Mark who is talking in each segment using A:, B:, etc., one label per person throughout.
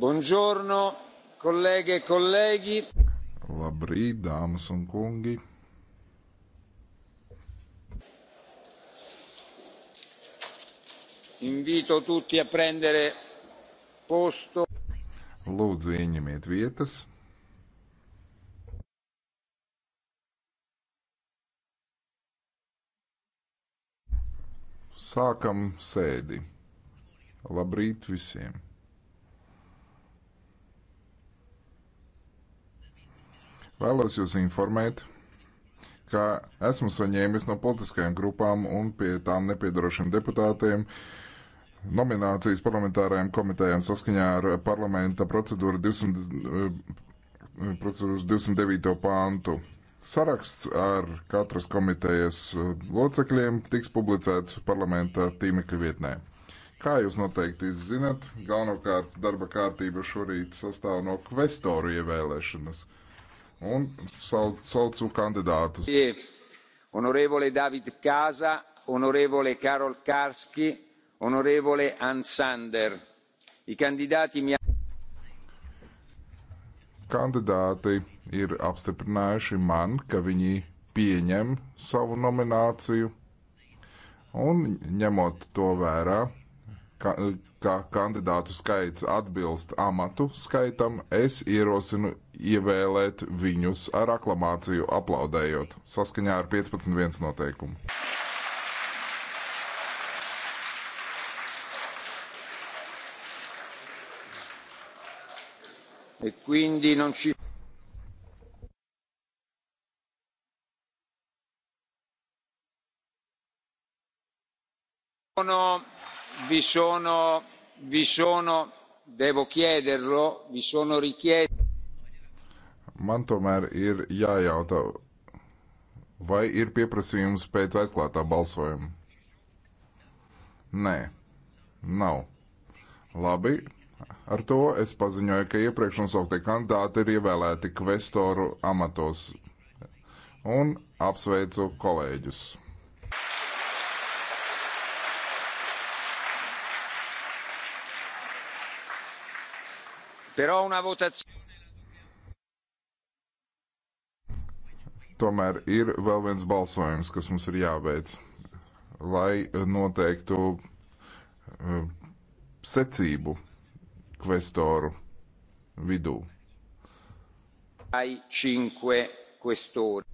A: Buongiorno, kolēģi, e kolēģi.
B: Labrīt, dāmas un kungi.
A: Invito tutti a prendere posto.
B: Lūdzu, ieņemiet vietas. Sākam sēdi. Labrīt visiem! Vēlos jūs informēt, ka esmu saņēmis no politiskajām grupām un pie tām nepiedarošiem deputātiem nominācijas parlamentārajām komitejām saskaņā ar parlamenta procedūru 200, eh, procedūras 209. pāntu. Saraksts ar katras komitejas eh, locekļiem tiks publicēts parlamenta tīmekļa vietnē. Kā jūs noteikti zinat, galvenokārt darba kārtība šorīt sastāv no kvestoru ievēlēšanas un saucu kandidātus.
A: Onorevole David Kaza, onorevole Karol Karski, onorevole Ansander. I kandidāti mi
B: Kandidāti ir apstiprinājuši man, ka viņi pieņem savu nomināciju un ņemot to vērā, ka, ka kandidātu skaits atbilst amatu skaitam, es ierosinu ievēlēt viņus ar aklamāciju aplaudējot saskaņā ar 15.1 noteikumu.
A: E quindi non ci sono vi sono, vi sono, devo chiederlo, vi sono richieste.
B: Man tomēr ir jājautā, vai ir pieprasījums pēc atklātā balsojuma? Nē, nav. Labi, ar to es paziņoju, ka iepriekš nosauktie kandidāti ir ievēlēti kvestoru amatos un apsveicu kolēģus.
A: Però una votazione.
B: Tomēr ir vēl viens balsojums, kas mums ir jāveic, lai noteiktu eh, secību kvestoru vidū.
A: Ai, cinque questori.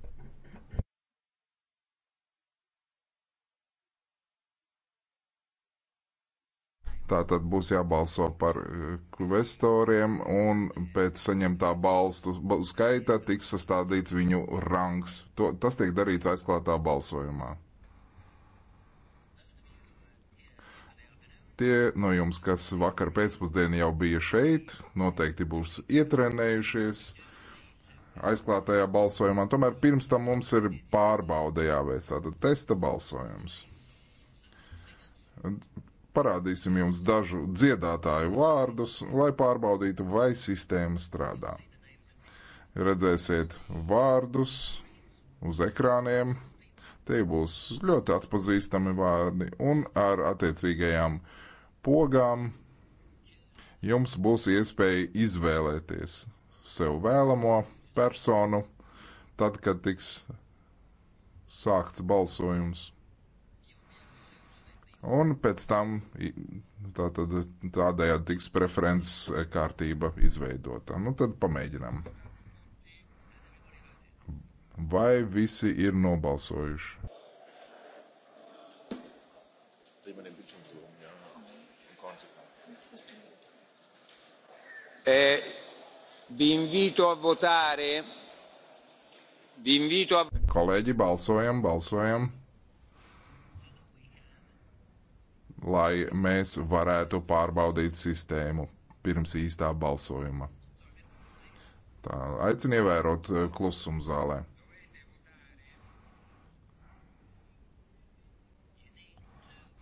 B: Tā tad būs jābalso par eh, kvestoriem, un pēc saņemtā balstu skaita tiks sastādīts viņu rangs. To, tas tiek darīts aizklātā balsojumā. Tie no jums, kas vakar pēcpusdienā jau bija šeit, noteikti būs ietrenējušies aizklātajā balsojumā. Tomēr pirms tam mums ir pārbaude jāveic tāda testa balsojums parādīsim jums dažu dziedātāju vārdus, lai pārbaudītu, vai sistēma strādā. Redzēsiet vārdus uz ekrāniem, tie būs ļoti atpazīstami vārdi un ar attiecīgajām pogām jums būs iespēja izvēlēties sev vēlamo personu, tad, kad tiks sākts balsojums. Un pēc tam tā, tad, tādējādi tiks preferences kārtība izveidota. Nu, tad pamēģinām. Vai visi ir nobalsojuši?
A: Eh, vi invito a votare. Vi invito a...
B: Kolēģi, balsojam, balsojam. lai mēs varētu pārbaudīt sistēmu pirms īstā balsojuma. Tā, aicinu ievērot eh, klusumu zālē.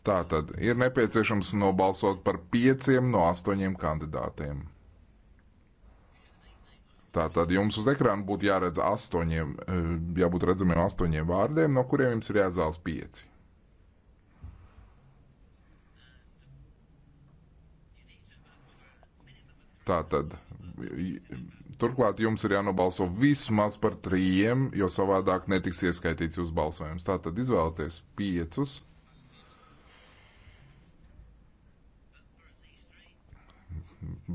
B: Tā tad ir nepieciešams nobalsot par pieciem no astoņiem kandidātiem. Tā tad jums uz ekrāna būtu jāredz astoņiem, eh, jābūt redzamiem astoņiem vārdiem, no kuriem jums ir jāzāls pieci. Tātad, turklāt jums ir jānobalso vismaz par trījiem, jo savādāk netiks ieskaitīts jūsu balsojums. Tātad izvēlieties piecus.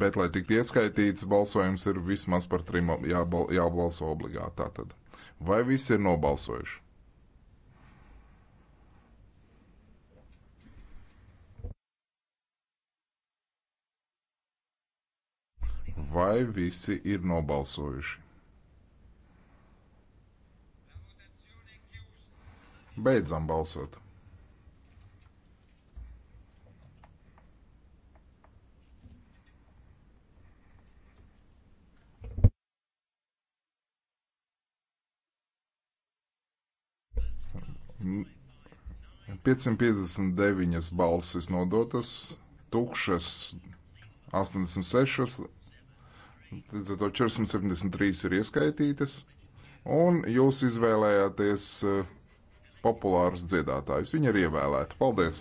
B: Bet, lai tiktu ieskaitīts, balsojums ir vismaz par trim jābalso obligāti. Tātad. Vai visi ir nobalsojuši? Vai visi ir nobalsojuši? Beidzam balsot. Piecsimt piecdesmit deviņas balsis nodotas, tukšas 86 Līdz ar to 473 ir ieskaitītas, un jūs izvēlējāties eh, populārus dziedātājus. Viņi ir ievēlēti. Paldies!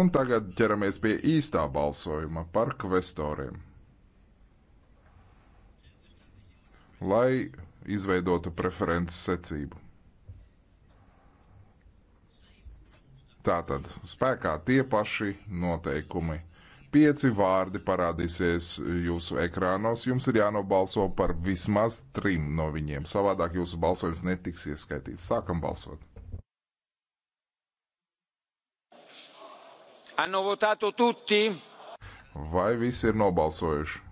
B: Un tagad ķeramies pie īstā balsojuma par kvestoriem. Lai izveidotu preferences secību. Tātad spēkā tie paši noteikumi. Pieci vārdi parādīsies jūsu ekrānos. Jums ir jānobalso par vismaz trim no viņiem. Savādāk jūsu balsojums netiks ieskaitīts. Sākam balsot.
A: Hanno votato tutti?
B: Vai visi ir nobalsojuši?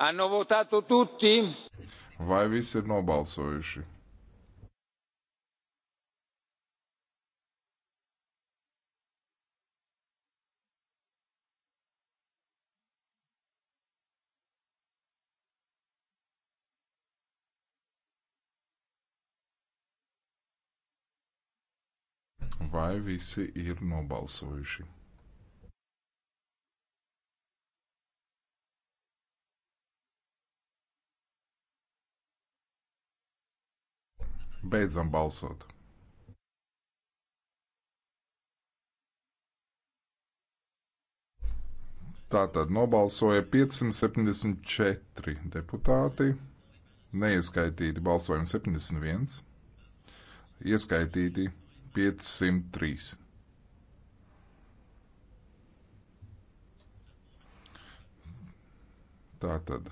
A: Hanno votato tutti?
B: Vai visi ir nobalsojuši? Vai visi ir nobalsojuši? Beidzam balsot. Tātad nobalsoja 574 deputāti, neieskaitīti balsojumi 71, ieskaitīti 503. Tātad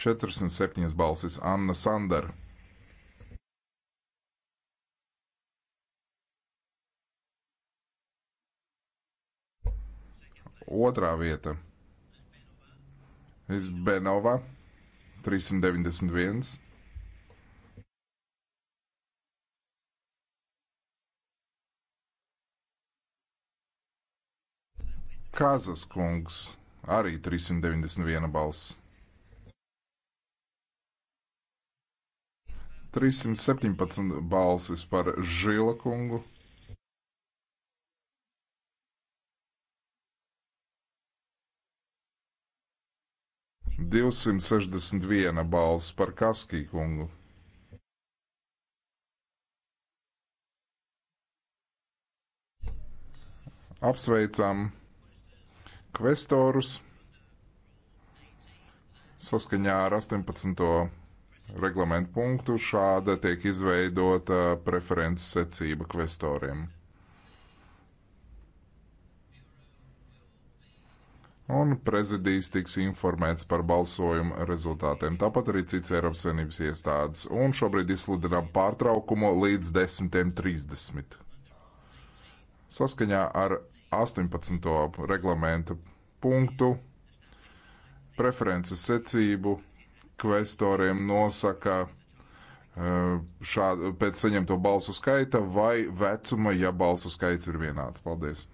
B: 407 balsis Anna Sandera. Otrā vieta ir Benova 391. Kazas kungs arī 391 balss. 317 balsis par Žila kungu. 261 balss par Kaskī kungu. Apsveicam kvestorus saskaņā ar 18. reglamentu punktu. Šāda tiek izveidota preferences secība kvestoriem. un prezidijs tiks informēts par balsojuma rezultātiem. Tāpat arī cits Eiropas Savienības iestādes. Un šobrīd izsludinām pārtraukumu līdz 10.30. Saskaņā ar 18. reglamenta punktu preferences secību kvestoriem nosaka eh, šādu pēc saņemto balsu skaita vai vecuma, ja balsu skaits ir vienāds. Paldies!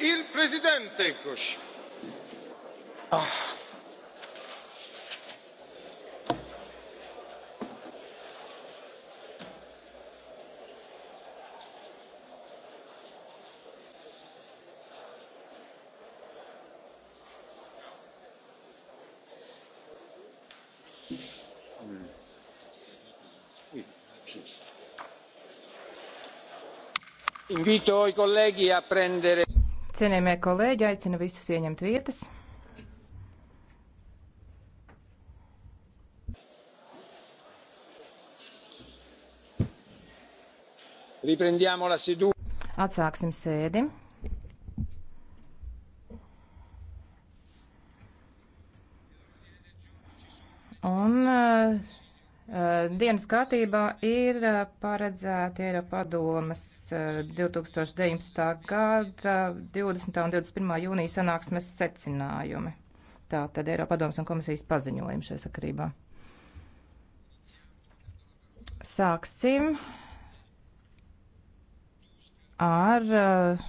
B: il presidente ah.
A: invito i colleghi a prendere.
C: Cienījamie kolēģi, aicinu visus ieņemt vietas. Atsāksim sēdi. dienas kārtībā ir paredzēti Eiropadomas 2019. gada 20. un 21. jūnija sanāksmes secinājumi. Tā tad Eiropadomas un komisijas paziņojumi šajā sakarībā. Sāksim ar uh,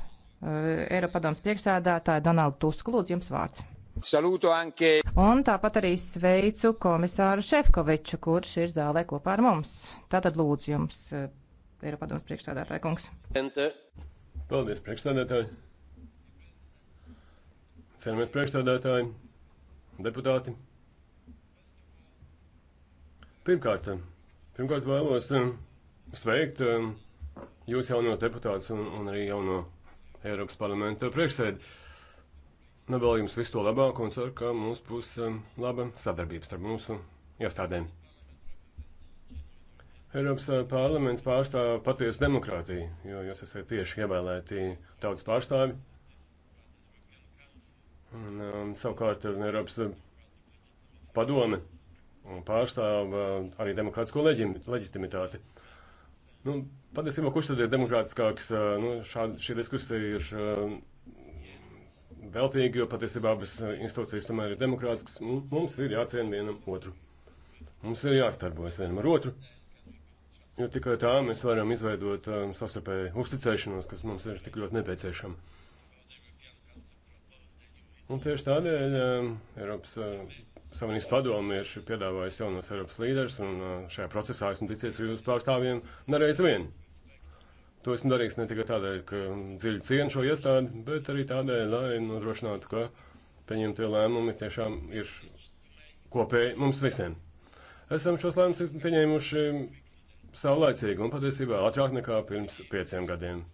C: Eiropadomas priekšsēdētāju Donaldu Tusku. Lūdzu, jums vārds.
A: Saluto anche.
C: Un tāpat arī sveicu komisāru Šefkoviču, kurš ir zālē kopā ar mums. Tātad lūdzu jums, eh, Eiropadoms priekšstādātāja kungs.
D: Paldies, priekšstādātāji. Cienījamies priekšstādātāji, deputāti. Pirmkārt, pirmkārt vēlos eh, sveikt eh, jūs jaunos deputātus un, un arī jauno Eiropas parlamenta priekšsēdi. Novēlu jums visu to labāko un ceru, ka mums būs um, laba sadarbība starp mūsu iestādēm. Eiropas uh, parlaments pārstāv patiesu demokrātiju, jo jūs esat tieši ievēlēti tautas pārstāvi. Un, um, savukārt um, Eiropas um, padome pārstāv uh, arī demokrātisko leģim, leģitimitāti. Nu, patiesībā, kurš tad ir demokrātiskāks, uh, nu, šāda, šī diskusija ir. Uh, veltīgi, jo patiesībā abas eh, institūcijas tomēr ir demokrātiskas. Mums ir jāciena vienam otru. Mums ir jāstarbojas vienam ar otru, jo tikai tā mēs varam izveidot um, savstarpēju uzticēšanos, kas mums ir tik ļoti nepieciešama. Un tieši tādēļ um, Eiropas uh, Savienības padomu ir piedāvājis jaunos Eiropas līderus, un uh, šajā procesā esmu ticies ar jūsu pārstāvjiem nereiz vien. To esmu darījis ne tikai tādēļ, ka dziļi cienu šo iestādi, bet arī tādēļ, lai nodrošinātu, ka pieņemtie lēmumi tiešām ir kopēji mums visiem. Esam šos lēmumus pieņēmuši saulaicīgi un patiesībā ātrāk nekā pirms pieciem gadiem.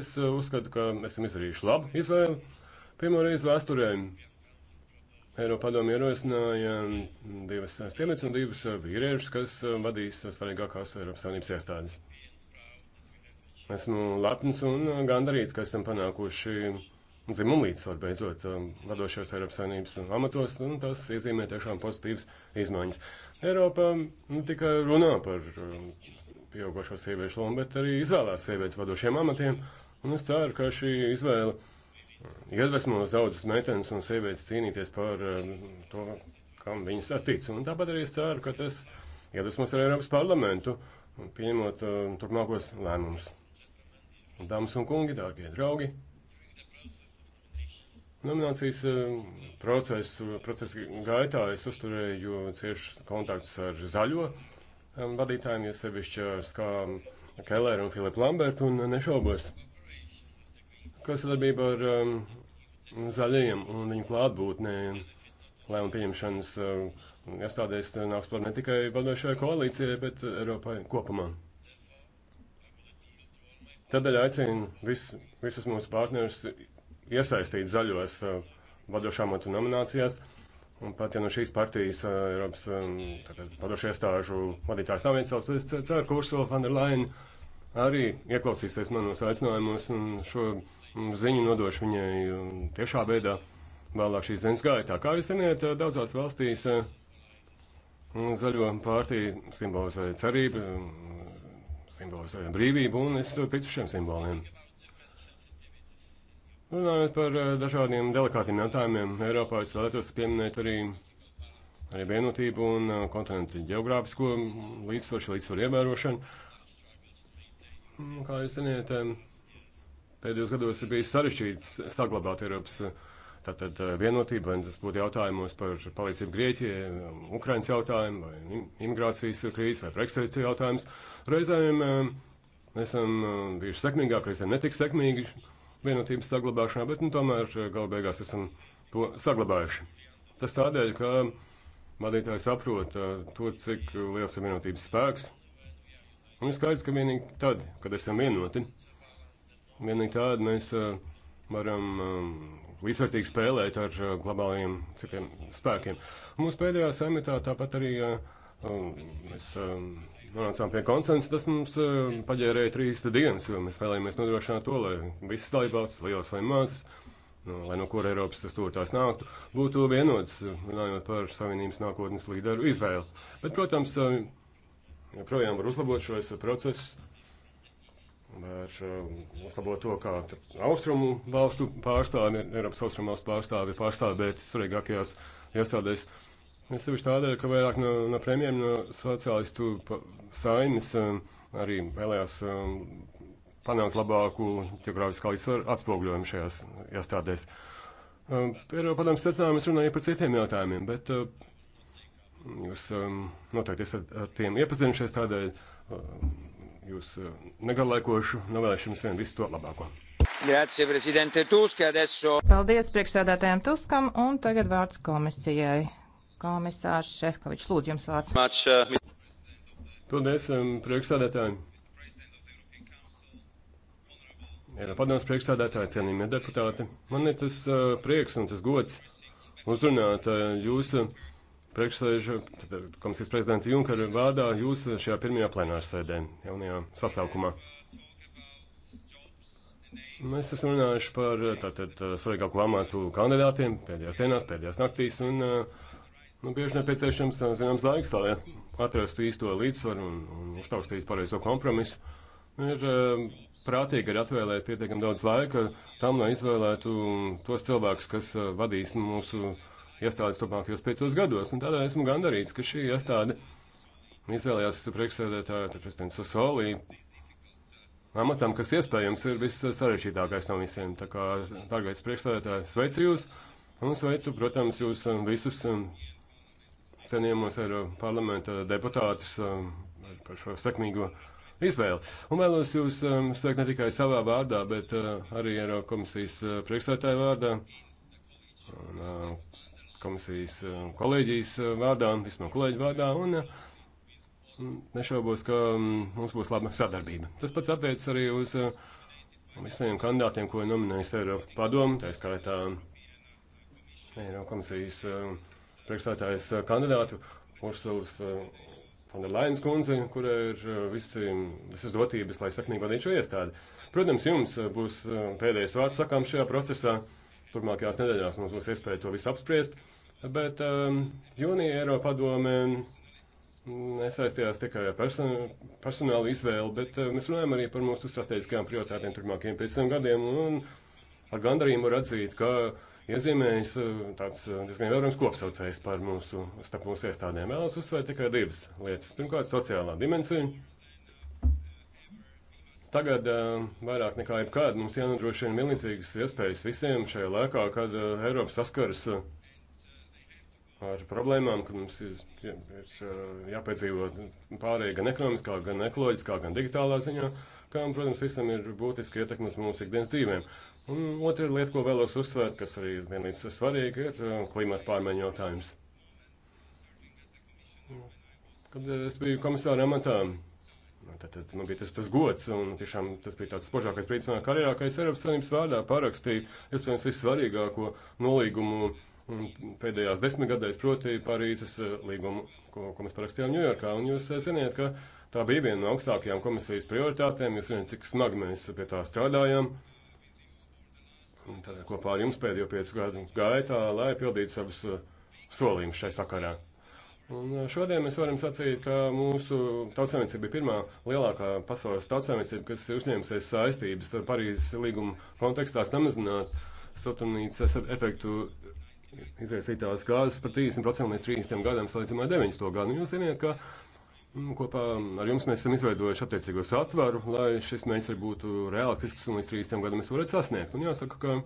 D: Es uh, uzskatu, ka esam izdarījuši labu izvēli. Pirmā reize vēsturē Eiropa padomu ierosināja divas sievietes un divus vīriešus, kas uh, vadīs uh, svarīgākās Eiropas Savienības iestādes. Esmu lepns un gandarīts, ka esam panākuši dzimumu līdzsvaru beidzot um, vadošajos Eiropas Savienības amatos, un tas iezīmē tiešām pozitīvas izmaiņas. Eiropa ne nu, tikai runā par um, pieaugušo sieviešu lomu, bet arī izvēlās sievietes vadošiem amatiem, un es ceru, ka šī izvēle um, iedvesmos daudzas meitenes un sievietes cīnīties par to, kam viņas attic. Un tāpat arī es ceru, ka tas iedvesmos ar Eiropas parlamentu, pieņemot turpmākos lēmumus. Dāmas un kungi, dārgie draugi, nominācijas procesu, eh, procesu gaitā es uzturēju ciešus kontaktus ar zaļo eh, vadītājiem, jo sevišķi ar Skā Kelleru un Filipu Lambertu, un nešaubos, ka sadarbība ar um, zaļajiem un viņu klātbūtnē lēmumu pieņemšanas iestādēs nāks par ne tikai vadošajai koalīcijai, bet Eiropai kopumā. Tādēļ aicinu vis, visus mūsu partnerus iesaistīt zaļos eh, vadošā matu nominācijās. Un pat ja no šīs partijas eh, Eiropas padošu eh, iestāžu vadītājs nav viens savs, bet es ceru, ka Ursula von der Leyen arī ieklausīsies manos aicinājumos un šo mm, ziņu nodošu viņai mm, tiešā veidā vēlāk šīs dienas gaitā. Kā jūs zināt, daudzās valstīs zaļo partiju simbolizē cerību, mm, simbolizē brīvību, un es ticu šiem simboliem. Runājot par eh, dažādiem delikātiem jautājumiem, Eiropā es vēlētos pieminēt arī, arī vienotību un eh, kontinentu geogrāfisko līdzsvaru, līdzsvaru ievērošanu. Mm, kā jūs zināt, eh, pēdējos gados ir bijis sarežģīti saglabāt Eiropas Tātad eh, vienotība, vai tas būtu jautājumos par palīdzību Grieķijai, um, Ukrainas jautājumu, vai imigrācijas krīzes, vai Brexit jautājums. Reizēm eh, esam eh, bijuši sekmīgāki, reizēm netik sekmīgi vienotības saglabāšanā, bet nu, tomēr galu beigās esam to saglabājuši. Tas tādēļ, ka vadītāji saprot to, cik liels ir vienotības spēks. Un ir skaidrs, ka vienīgi tad, kad esam vienoti, vienīgi tad mēs varam um, līdzvērtīgi spēlēt ar uh, globāliem citiem spēkiem. Mūsu pēdējā samitā tāpat arī uh, um, mēs um, nonācām pie konsensa. Tas mums uh, paģērēja trīs dienas, jo mēs vēlējāmies nodrošināt to, lai visas dalībvalstis, liels vai mazs, nu, lai no kur Eiropas tas tur tās nāktu, būtu vienots, runājot par Savienības nākotnes līderu izvēli. Bet, protams, joprojām var uzlabot šos procesus, var uh, uzlabot to, kā austrumu valstu pārstāvi, Eiropas austrumu valstu pārstāvi pārstāvēt svarīgākajās iestādēs. Es sevišķi tādēļ, ka vairāk no, no premjeriem, no sociālistu saimes um, arī vēlējās um, panākt labāku geogrāfiskā līdzsvaru atspoguļojumu šajās iestādēs. Um, Eiropa padomus secinājumos runāja par citiem jautājumiem, bet uh, jūs noteikti esat ar tiem iepazinušies tādēļ uh, jūsu eh, negarlaikošu novēlēšanu visiem visu to labāko.
A: Grazie, prezidente
D: Tuska, adesso.
C: Paldies priekšsēdētājiem Tuskam, un tagad vārds komisijai.
D: Komisārs Šefkovičs, lūdzu jums vārds.
A: Much, uh,
D: Paldies, um, priekšsēdētājiem. Padoms priekšstādātāji, cienījamie deputāti, man ir tas uh, prieks un tas gods uzrunāt uh, jūsu priekšsēžu komisijas prezidenta Junkara vārdā jūs šajā pirmajā plenārsēdē, jaunajā sasaukumā. Mēs esam runājuši par tātad svarīgāko amatu kandidātiem pēdējās dienās, pēdējās naktīs, un nu, bieži nepieciešams zināms laiks, lai atrastu īsto līdzsvaru un, un uztaukstītu pareizo kompromisu. Ir prātīgi ir atvēlēt pietiekami daudz laika tam, lai izvēlētu tos cilvēkus, kas vadīs mūsu iestādes turpmākajos piecos gados. Un tādēļ esmu gandarīts, ka šī iestāde izvēlējās priekšsēdētāju, tad prezidents Usolī, amatam, kas iespējams ir viss sarežģītākais no visiem. Tā kā, dārgais priekšsēdētāji, sveicu jūs un sveicu, protams, jūs um, visus um, cienījamos ar parlamenta deputātus um, par šo sekmīgo izvēli. Un vēlos jūs um, sveikt ne tikai savā vārdā, bet uh, arī Eiropas komisijas uh, priekšstādātāju vārdā un uh, komisijas eh, kolēģijas eh, vārdā, vismaz kolēģu vārdā, un eh, nešaubos, ka mm, mums būs laba sadarbība. Tas pats attiec arī uz visiem kandidātiem, ko nominējis Eiropa padomu, tā skaitā Eiropa komisijas priekšstādātājs kandidātu Ursulas Fonda Lainas kundze, kurai ir visi, visas dotības, lai sekmīgi vadītu šo iestādi. Protams, jums būs pēdējais vārds sakām šajā procesā turmākajās nedēļās mums būs iespēja to visu apspriest. Bet um, jūnija Eiropa padome nesaistījās tikai ar person personālu izvēli, bet uh, mēs runājam arī par mūsu strateģiskajām prioritātēm turpmākajiem pieciem gadiem. Un ar gandarījumu var atzīt, ka iezīmējas uh, tāds uh, diezgan vēlams kopsaucējs par mūsu, starp mūsu iestādēm. Vēlos uzsvērt tikai divas lietas. Pirmkārt, sociālā dimensija. Tagad eh, vairāk nekā jebkad mums jānodrošina vienlīdzīgas iespējas visiem šajā laikā, kad eh, Eiropa saskaras eh, ar problēmām, kad mums ir, ir jāpiedzīvo pārējai gan ekonomiskā, gan ekoloģiskā, gan digitālā ziņā, kam, protams, visam ir būtiski ietekmi uz mūsu ikdienas dzīvēm. Un otra lieta, ko vēlos uzsvērt, kas arī vienlīdz svarīga, ir klimata pārmaiņu jautājums. Kad es biju komisāra amatā, Tad, tad nu, bija tas, tas gods, un tiešām tas bija tāds spožākais brīdis manā karjerā, ka es Eiropas Savienības vārdā parakstīju, iespējams, vissvarīgāko nolīgumu mm, pēdējās desmitgadēs, proti Parīzes eh, līgumu, ko, ko mēs parakstījām Ņujorkā. Un jūs eh, ziniet, ka tā bija viena no augstākajām komisijas prioritātēm. Jūs zināt, cik smagi mēs pie tā strādājām. Tad kopā ar jums pēdējo piecu gadu gaitā, lai pildītu savus eh, solījumus šai sakarā. Un eh, šodien mēs varam sacīt, ka mūsu tautsēmniecība bija pirmā lielākā pasaules tautsēmniecība, kas ir uzņēmusies saistības Parīzes līguma kontekstā samazināt satunītas efektu izraisītās gāzes par 30% līdz 30 gadiem, salīdzinājumā 90. gadu. Jūs zināt, ka mm, kopā ar jums mēs esam izveidojuši attiecīgo satvaru, lai šis mērķis būtu realistisks un līdz 30 gadiem mēs varētu sasniegt. Un jāsaka, ka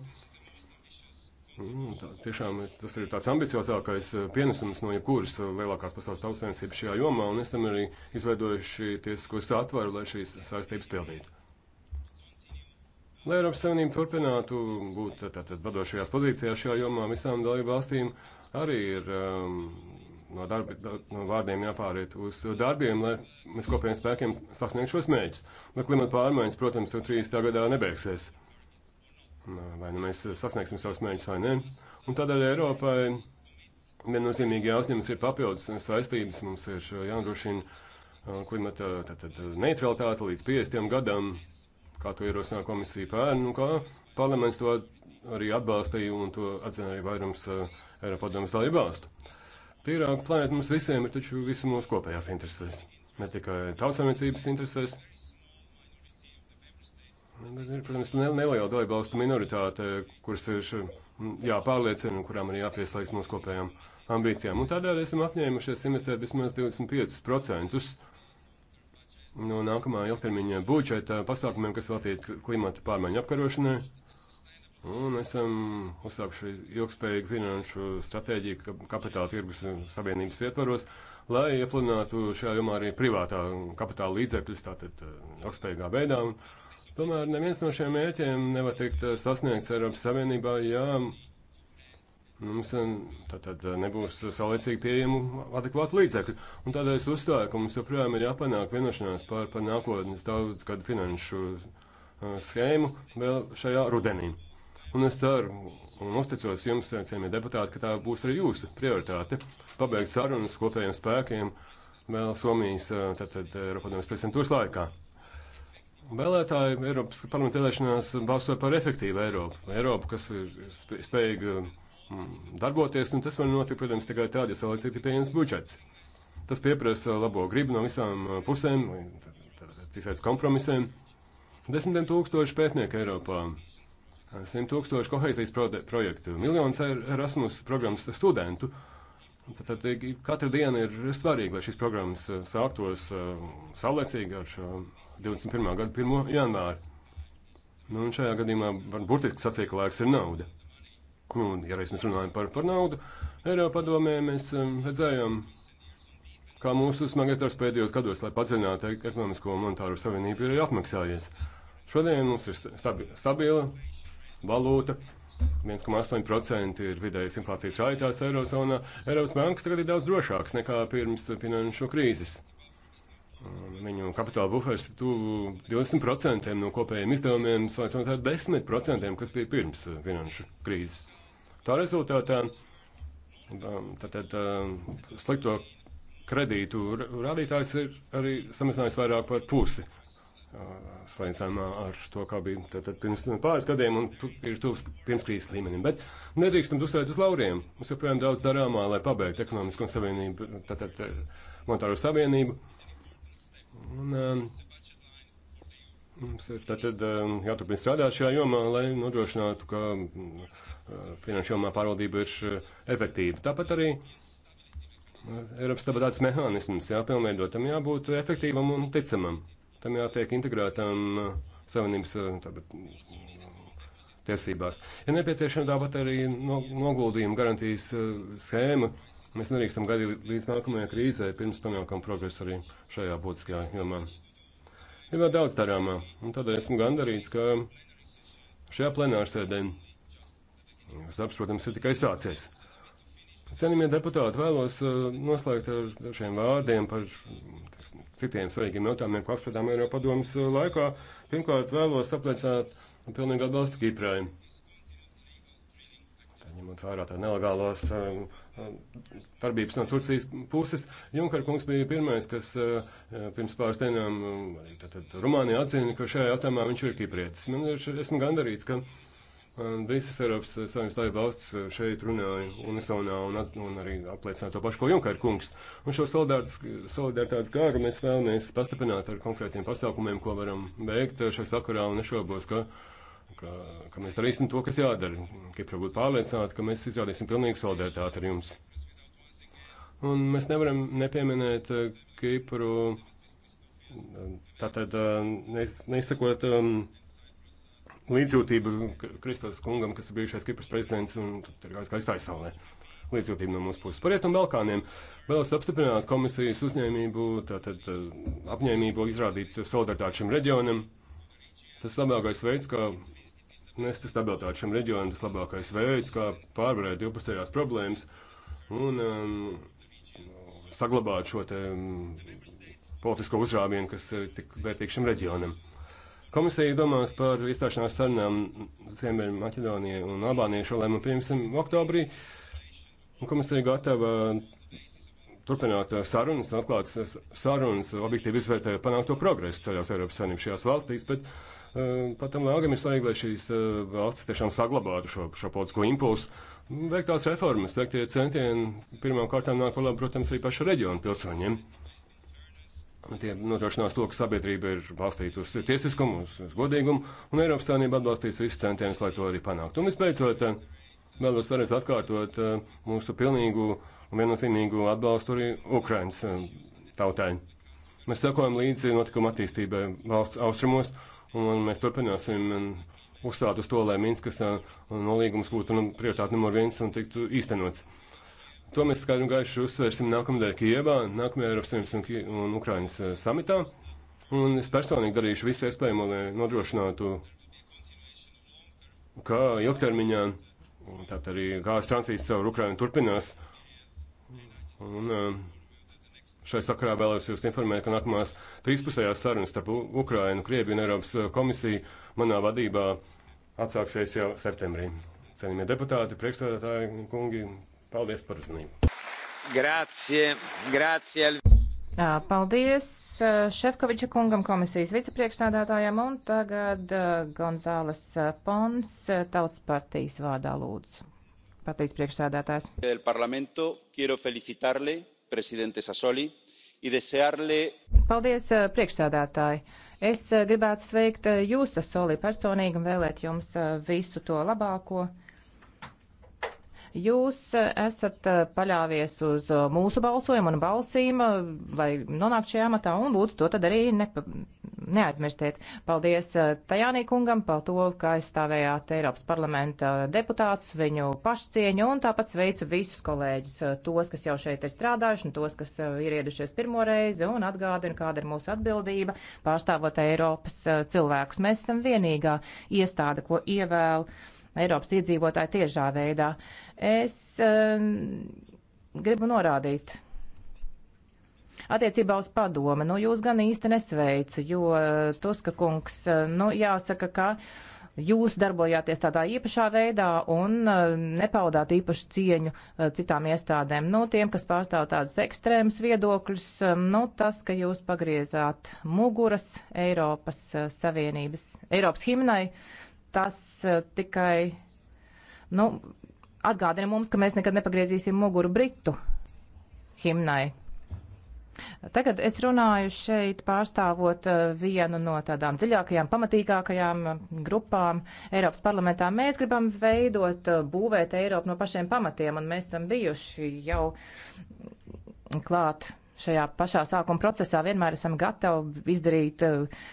D: Mm, tā, tiešām tas ir tāds ambiciozākais eh, pienesums no jebkuras eh, lielākās pasaules tautsēmniecības šajā jomā, un esam arī izveidojuši tiesisko satvaru, lai šīs saistības pildītu. Lai Eiropas Savienība turpinātu būt tātad vadošajās pozīcijās šajā jomā, visām dalību valstīm arī ir um, no, darbi, da, no vārdiem jāpāriet uz darbiem, lai mēs kopējiem spēkiem sasniegtu šos mērķus. Bet klimata pārmaiņas, protams, jau 30. gadā nebeigsies vai nu mēs sasniegsim savus mērķus vai nē. Un tādēļ Eiropai viennozīmīgi jāuzņemas ir papildus saistības. Mums ir jānodrošina klimata tātad, neutralitāte līdz 50 gadam, kā to ierosināja komisija pērn, un nu, kā parlaments to arī atbalstīja un to atzina arī vairums Eiropadomas dalību valstu. Tīrāk planēta mums visiem ir taču visu mūsu kopējās interesēs, ne tikai tautsāmniecības interesēs. Bet ir, nu, protams, neliela dalībvalstu minoritāte, kuras ir jāpārliecina, kurām ir jāpieslēgs mūsu kopējām ambīcijām. Un tādēļ esam apņēmušies investēt vismaz 25% no nākamā ilgtermiņa budžeta pasākumiem, kas veltīti klimata pārmaiņu apkarošanai. Un esam uzsākuši ilgspējīgu finanšu stratēģiju kapitāla tirgus savienības ietvaros, lai iepludinātu šajā jomā arī privātā kapitāla līdzekļus, tātad eh, ilgspējīgā veidā. Un, Tomēr neviens no šiem mērķiem nevar tikt eh, sasniegts Eiropas Savienībā, ja mums eh, tātad eh, nebūs saulēcīgi pieejamu adekvātu līdzekļu. Un tādēļ es uzstāju, ka mums joprojām ir jāpanāk vienošanās par, par nākotnes daudz gadu finanšu schēmu vēl šajā rudenī. Un es ceru un uzticos jums, cienījamie deputāti, ka tā būs arī jūsu prioritāte pabeigt sarunas kopējiem spēkiem vēl Somijas tātad Eiropadomas prezidentūras laikā. Vēlētāji Eiropas parlamenta vēlēšanās balsoja par efektīvu Eiropu. Eiropu, kas ir spējīga mm, darboties, un tas var notikt, protams, tikai tad, ja saulēcīgi ir pieejams budžets. Tas pieprasa labo gribu no visām pusēm, tiksēts kompromisēm. Desmitiem tūkstoši pētnieku Eiropā, simt tūkstoši kohēzijas projektu, miljonus Erasmus programmas studentu. Tad katra diena ir svarīga, lai šīs programmas sāktos saulēcīgi ar šo 21. gada 1. janvāra. Nu, un šajā gadījumā var burtiski sacīt, ka laiks ir nauda. Nu, un, ja reiz mēs runājam par, par naudu, Eiropa padomē mēs um, redzējām, kā mūsu smagais darbs pēdējos gados, lai padziļinātu ekonomisko un monetāro savienību, ir atmaksājies. Šodien mums ir stabi, stabila valūta. 1,8% ir vidējais inflācijas rādītājs Eirozonā. Eiropas bankas tagad ir daudz drošāks nekā pirms finanšu krīzes. Viņu kapitāla buferis ir tuvu 20% no kopējiem izdevumiem, slēdzot ar 10%, kas bija pirms eh, finanšu krīzes. Tā rezultātā tātad um, um, slikto kredītu rādītājs ir arī samazinājis vairāk par pusi. Uh, Slēdzamā ar to, kā bija tātad pirms pāris gadiem, un tu, ir tuvs pirms krīzes līmenim. Bet nedrīkstam uzstāt uz lauriem. Mums joprojām daudz darāmā, lai pabeigtu ekonomisko savienību, tātad eh, monetāro savienību. Uh, Un, um, Mums ir tātad um, jāturpina strādāt šajā jomā, lai nodrošinātu, ka mm, uh, finanšu jomā pārvaldība ir uh, efektīva. Tāpat arī uh, Eiropas stabilitātes mehānisms jāpilnveido, tam jābūt efektīvam un ticamam. Tam jātiek integrētam savienības tāpat, mm, tiesībās. Ja nepieciešama tāpat arī noguldījuma garantijas schēma Mēs nedrīkstam gaidīt līdz nākamajai krīzē, pirms panākam progresu arī šajā būtiskajā jomā. Ir vēl daudz darāmā, un tādēļ esmu gandarīts, ka šajā plenārsēdē jūsu darbs, protams, ir tikai sācies. Cienījamie deputāti, vēlos uh, noslēgt ar šiem vārdiem par tiksim, citiem svarīgiem jautājumiem, ko apspriedām Eiropadomas uh, laikā. Pirmkārt, vēlos apliecināt pilnīgu atbalstu Kiprai ņemot vērā tā nelegālās um, um, darbības no Turcijas puses. Junker kungs bija pirmais, kas uh, uh, pirms pāris dienām um, Rumānijā atzina, ka šajā jautājumā viņš ir kiprietis. Man ir, esmu gandarīts, ka visas Eiropas Savienības tāja valsts uh, šeit runāja unisonā un, un arī apliecināja to pašu, ko Junker kungs. Un šo solidaritātes gāru mēs vēlamies pastiprināt ar konkrētiem pasākumiem, ko varam veikt šajā sakarā un nešaubos, ka. Uh, ka, ka mēs darīsim to, kas jādara. Kipra būtu pārliecināta, ka mēs izrādīsim pilnīgu solidaritāti ar jums. Un mēs nevaram nepieminēt eh, Kipru, tātad eh, neizsakot um, līdzjūtību Kristus kungam, kas ir bijušais Kipras prezidents un ir gājis kā aizstāvē. Līdzjūtība no mūsu puses par Rietumu Balkāniem. Vēlos apstiprināt komisijas uzņēmību, tātad eh, apņēmību izrādīt solidaritāti šim reģionam. Tas labākais veids, kā nesta stabilitāti šim reģionam, tas labākais veids, kā pārvarēt divpusējās problēmas un um, saglabāt šo te, um, politisko uzrāvienu, kas ir tik vērtīgs šim reģionam. Komisija domās par iestāšanās sarunām Ziemeļa Maķedonijai un Albānijai šo lēmumu pieņemsim oktobrī. Komisija gatava turpināt eh, sarunas, atklātas eh, sarunas, eh, objektīvi izvērtējot panākto progresu ceļos Eiropas Savienības šajās valstīs, bet pat tam lēgam ir svarīgi, lai šīs valstis tiešām saglabātu šo, šo politisko impulsu. Veiktās reformas, veiktie centieni pirmām kārtām nāk par labu, protams, arī paša reģiona pilsoņiem. Tie nodrošinās to, ka sabiedrība ir balstīta uz tiesiskumu, uz, uz godīgumu, un Eiropas Savienība atbalstīs visus centienus, lai to arī panāktu. Un visbeidzot, uh, vēlos vēlreiz atkārtot eh, mūsu pilnīgu un viennozīmīgu atbalstu arī Ukrainas eh, tautai. Mēs sekojam līdzi notikuma attīstībai valsts austrumos, un mēs turpināsim eh, uzstāt uz to, lai Minskas nolīgums būtu nu, prioritāte numur viens un tiktu īstenots. To mēs skaidri un gaiši uzsvērsim nākamnedēļ Kijevā, nākamajā Eiropas Savienības un, un Ukrainas samitā. Un es personīgi darīšu visu iespējamo, lai nodrošinātu, ka ilgtermiņā Un tātad arī gāzes transīts caur Ukrainu turpinās. Un eh, šai sakarā vēlos jūs informēt, ka nākamās trīspusējās sarunas starp Ukrainu, Krieviju un Eiropas eh, komisiju manā vadībā atsāksies jau septembrī. Ceļamie deputāti, priekšstādātāji, kungi, paldies par uzmanību!
A: Grazie,
D: grazie.
C: Paldies Šefkoviča kungam, komisijas vicepriekšsādātājam, un tagad Gonzāles Pons, Tautas partijas vārdā lūdzu. Partijas priekšsādātājs.
A: Desearle...
C: Paldies, priekšsādātāji. Es gribētu sveikt jūs, Sasoli, personīgi un vēlēt jums visu to labāko. Jūs e, esat e, paļāvies uz e, mūsu balsojumu un balsīm, lai nonāktu šajā amatā, un lūdzu to tad arī nepa, neaizmirstiet. Paldies Tajānī kungam par to, ka aizstāvējāt Eiropas parlamenta deputātus, viņu pašcieņu, un tāpat sveicu visus kolēģus, tos, kas jau šeit ir strādājuši, un tos, kas ir ieradušies pirmo reizi, un atgādinu, kāda ir mūsu atbildība pārstāvot Eiropas cilvēkus. Mēs esam vienīgā iestāde, ko ievēl Eiropas iedzīvotāji tiešā veidā. Uh, Es um, gribu norādīt. Attiecībā uz padome, nu jūs gan īsti nesveicu, jo uh, Tuska kungs, uh, nu jāsaka, ka jūs darbojāties tādā īpašā veidā un uh, nepaudāt īpašu cieņu citām iestādēm. Nu, tiem, kas pārstāv tādus ekstrēmus viedokļus, um, nu, tas, ka jūs pagriezāt muguras Eiropas Savienības, Eiropas himnai, tas tikai, nu, atgādina mums, ka mēs nekad nepagriezīsim muguru Britu himnai. Tagad es runāju šeit pārstāvot eh, vienu no tādām dziļākajām, pamatīgākajām eh, grupām Eiropas parlamentā. Mēs gribam veidot, eh, būvēt Eiropu no pašiem pamatiem, un mēs esam bijuši jau klāt šajā pašā sākuma procesā. Vienmēr esam gatavi izdarīt uh,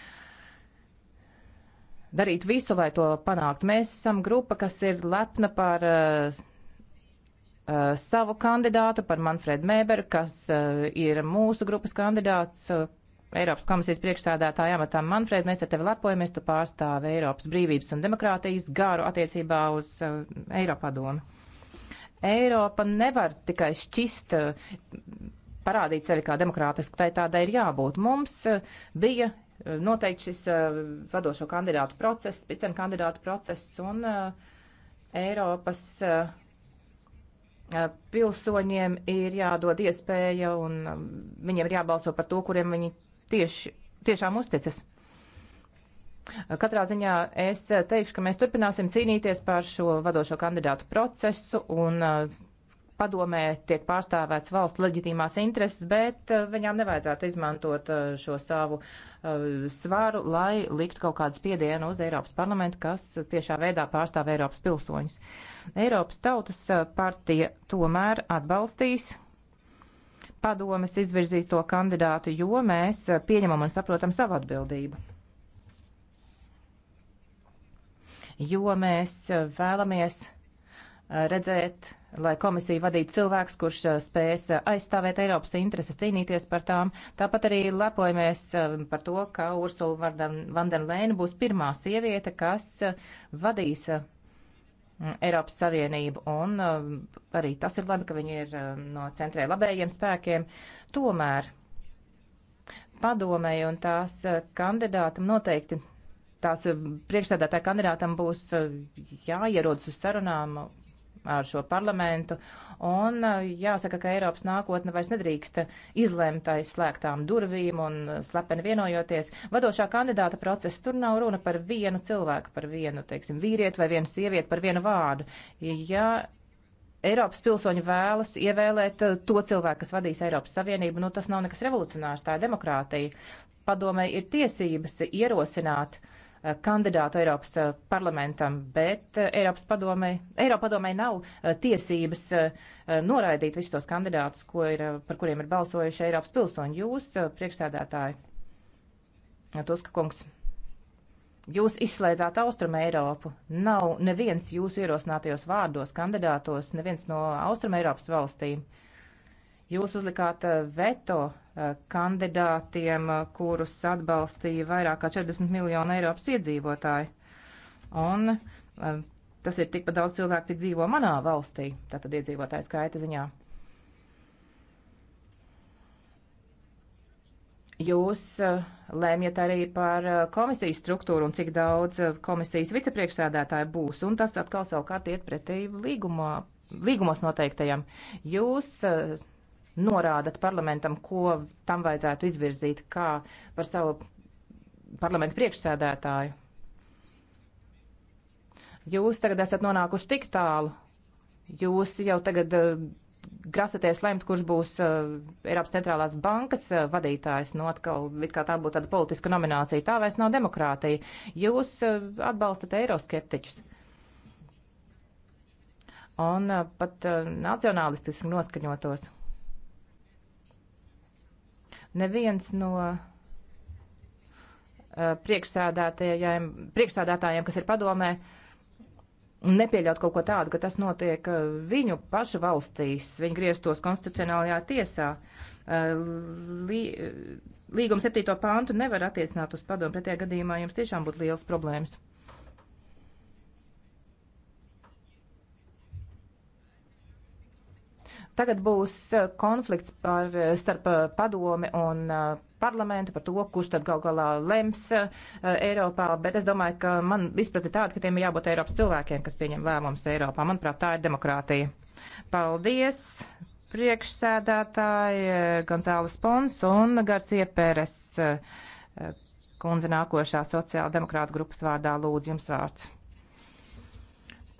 C: darīt visu, lai to panāktu. Mēs esam grupa, kas ir lepna par uh, savu kandidātu, par Manfredu Mēberu, kas uh, ir mūsu grupas kandidāts. Uh, Eiropas komisijas priekšsādātāja amatām Manfred, mēs ar tevi lepojamies, tu pārstāvi Eiropas brīvības un demokrātijas garu attiecībā uz uh, Eiropadomu. Eiropa nevar tikai šķist, uh, parādīt sevi kā demokrātisku, tai tādai ir jābūt. Mums uh, bija noteikti šis vadošo kandidātu process, spicen kandidātu process un Eiropas pilsoņiem ir jādod iespēja un viņiem ir jābalso par to, kuriem viņi tieši, tiešām uzticas. Katrā ziņā es teikšu, ka mēs turpināsim cīnīties par šo vadošo kandidātu procesu un uh, padomē tiek pārstāvēts valsts leģitīmās intereses, bet eh, viņām nevajadzētu izmantot eh, šo savu eh, svaru, lai liktu kaut kādu spiedienu uz Eiropas parlamentu, kas tiešā veidā pārstāv Eiropas pilsoņus. Eiropas tautas partija tomēr atbalstīs padomes izvirzīto kandidātu, jo mēs pieņemam un saprotam savu atbildību. Jo mēs vēlamies redzēt lai komisija vadītu cilvēks, kurš spēs aizstāvēt Eiropas intereses, cīnīties par tām. Tāpat arī lepojamies par to, ka Ursula Vandenlēna būs pirmā sieviete, kas vadīs Eiropas Savienību, un arī tas ir labi, ka viņi ir no centrē labējiem spēkiem. Tomēr padomēji un tās kandidātam noteikti, tās priekšstādātāja kandidātam būs jāierodas uz sarunām ar šo parlamentu. Un uh, jāsaka, ka Eiropas nākotne vairs nedrīkst izlemt aiz slēgtām durvīm un slepeni vienojoties. Vadošā kandidāta procesa tur nav runa par vienu cilvēku, par vienu, teiksim, vīrieti vai vienu sievieti, par vienu vārdu. Ja Eiropas pilsoņi vēlas ievēlēt uh, to cilvēku, kas vadīs Eiropas Savienību, nu tas nav nekas revolucionārs, tā ir demokrātija. Padomē ir tiesības ierosināt uh, Eh, kandidātu Eiropas eh, parlamentam, bet eh, Eiropas padomei, Eiropa padomei nav tiesības noraidīt visus tos kandidātus, ko ir, par kuriem ir balsojuši Eiropas pilsoņi. Jūs, priekšsēdētāji, Tuska kungs, jūs izslēdzāt Austrum Eiropu. Nav neviens jūsu ierosinātajos vārdos, kandidātos, neviens no Austrum Eiropas valstīm. Uh, Jūs uzlikāt eh, veto eh, kandidātiem, eh, kurus atbalstīja vairāk kā 40 miljonu Eiropas iedzīvotāji. Un tas ir tikpat daudz cilvēku, cik dzīvo manā valstī, tātad iedzīvotāju skaita ziņā. Jūs lēmjat arī par komisijas struktūru un cik daudz komisijas vicepriekšsēdētāja būs, un tas atkal savukārt iet pretī līgumā, līgumos noteiktajam. Jūs uh, norādat parlamentam, ko tam vajadzētu izvirzīt, kā par savu parlamentu priekšsēdētāju. Jūs tagad esat nonākuši tik tālu. Jūs jau tagad uh, grasaties lemt, kurš būs uh, Eiropas centrālās bankas uh, vadītājs, nu no atkal, it kā tā būtu tāda politiska nominācija, tā vairs nav demokrātija. Jūs uh, atbalstat eiroskeptiķus. Un uh, pat uh, nacionālistiski noskaņotos. Neviens no eh, priekšsādātājiem, kas ir padomē, nepieļaut kaut ko tādu, ka tas notiek eh, viņu pašu valstīs, viņi grieztos konstitucionālajā tiesā. Eh, lī, līguma septīto pāntu nevar attiecināt uz padomu, pretējā gadījumā jums tiešām būtu liels problēmas. Tagad būs eh, konflikts par, eh, starp eh, padomi un parlamentu par to, kurš tad gal galā lems Eiropā, bet es domāju, ka man izprati tāda, ka tiem ir jābūt Eiropas cilvēkiem, kas pieņem lēmumus Eiropā. Manuprāt, tā ir demokrātija. Paldies! Priekšsēdētāji Gonzāles Pons un Garcija Pēres kundze nākošā sociāla demokrāta grupas vārdā lūdzu jums vārds.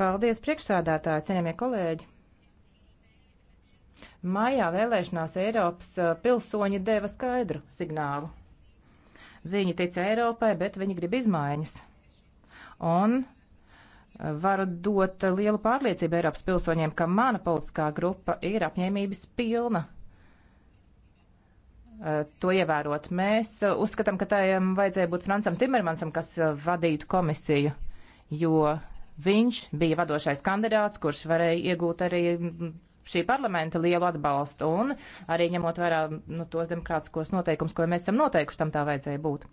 C: Paldies, priekšsēdētāji, cienījamie kolēģi! Maijā vēlēšanās Eiropas uh, pilsoņi deva skaidru signālu. Viņi tic Eiropai, bet viņi grib izmaiņas. Un uh, varu dot lielu pārliecību Eiropas pilsoņiem, ka mana politiskā grupa ir apņēmības pilna. Uh, to ievērot. Mēs uzskatām, ka tajam vajadzēja būt Francam Timermansam, kas vadītu komisiju, jo viņš bija vadošais kandidāts, kurš varēja iegūt arī mm, šī parlamenta lielu atbalstu un arī ņemot vērā nu, tos demokrātiskos noteikumus, ko mēs esam noteikuši, tam tā vajadzēja būt.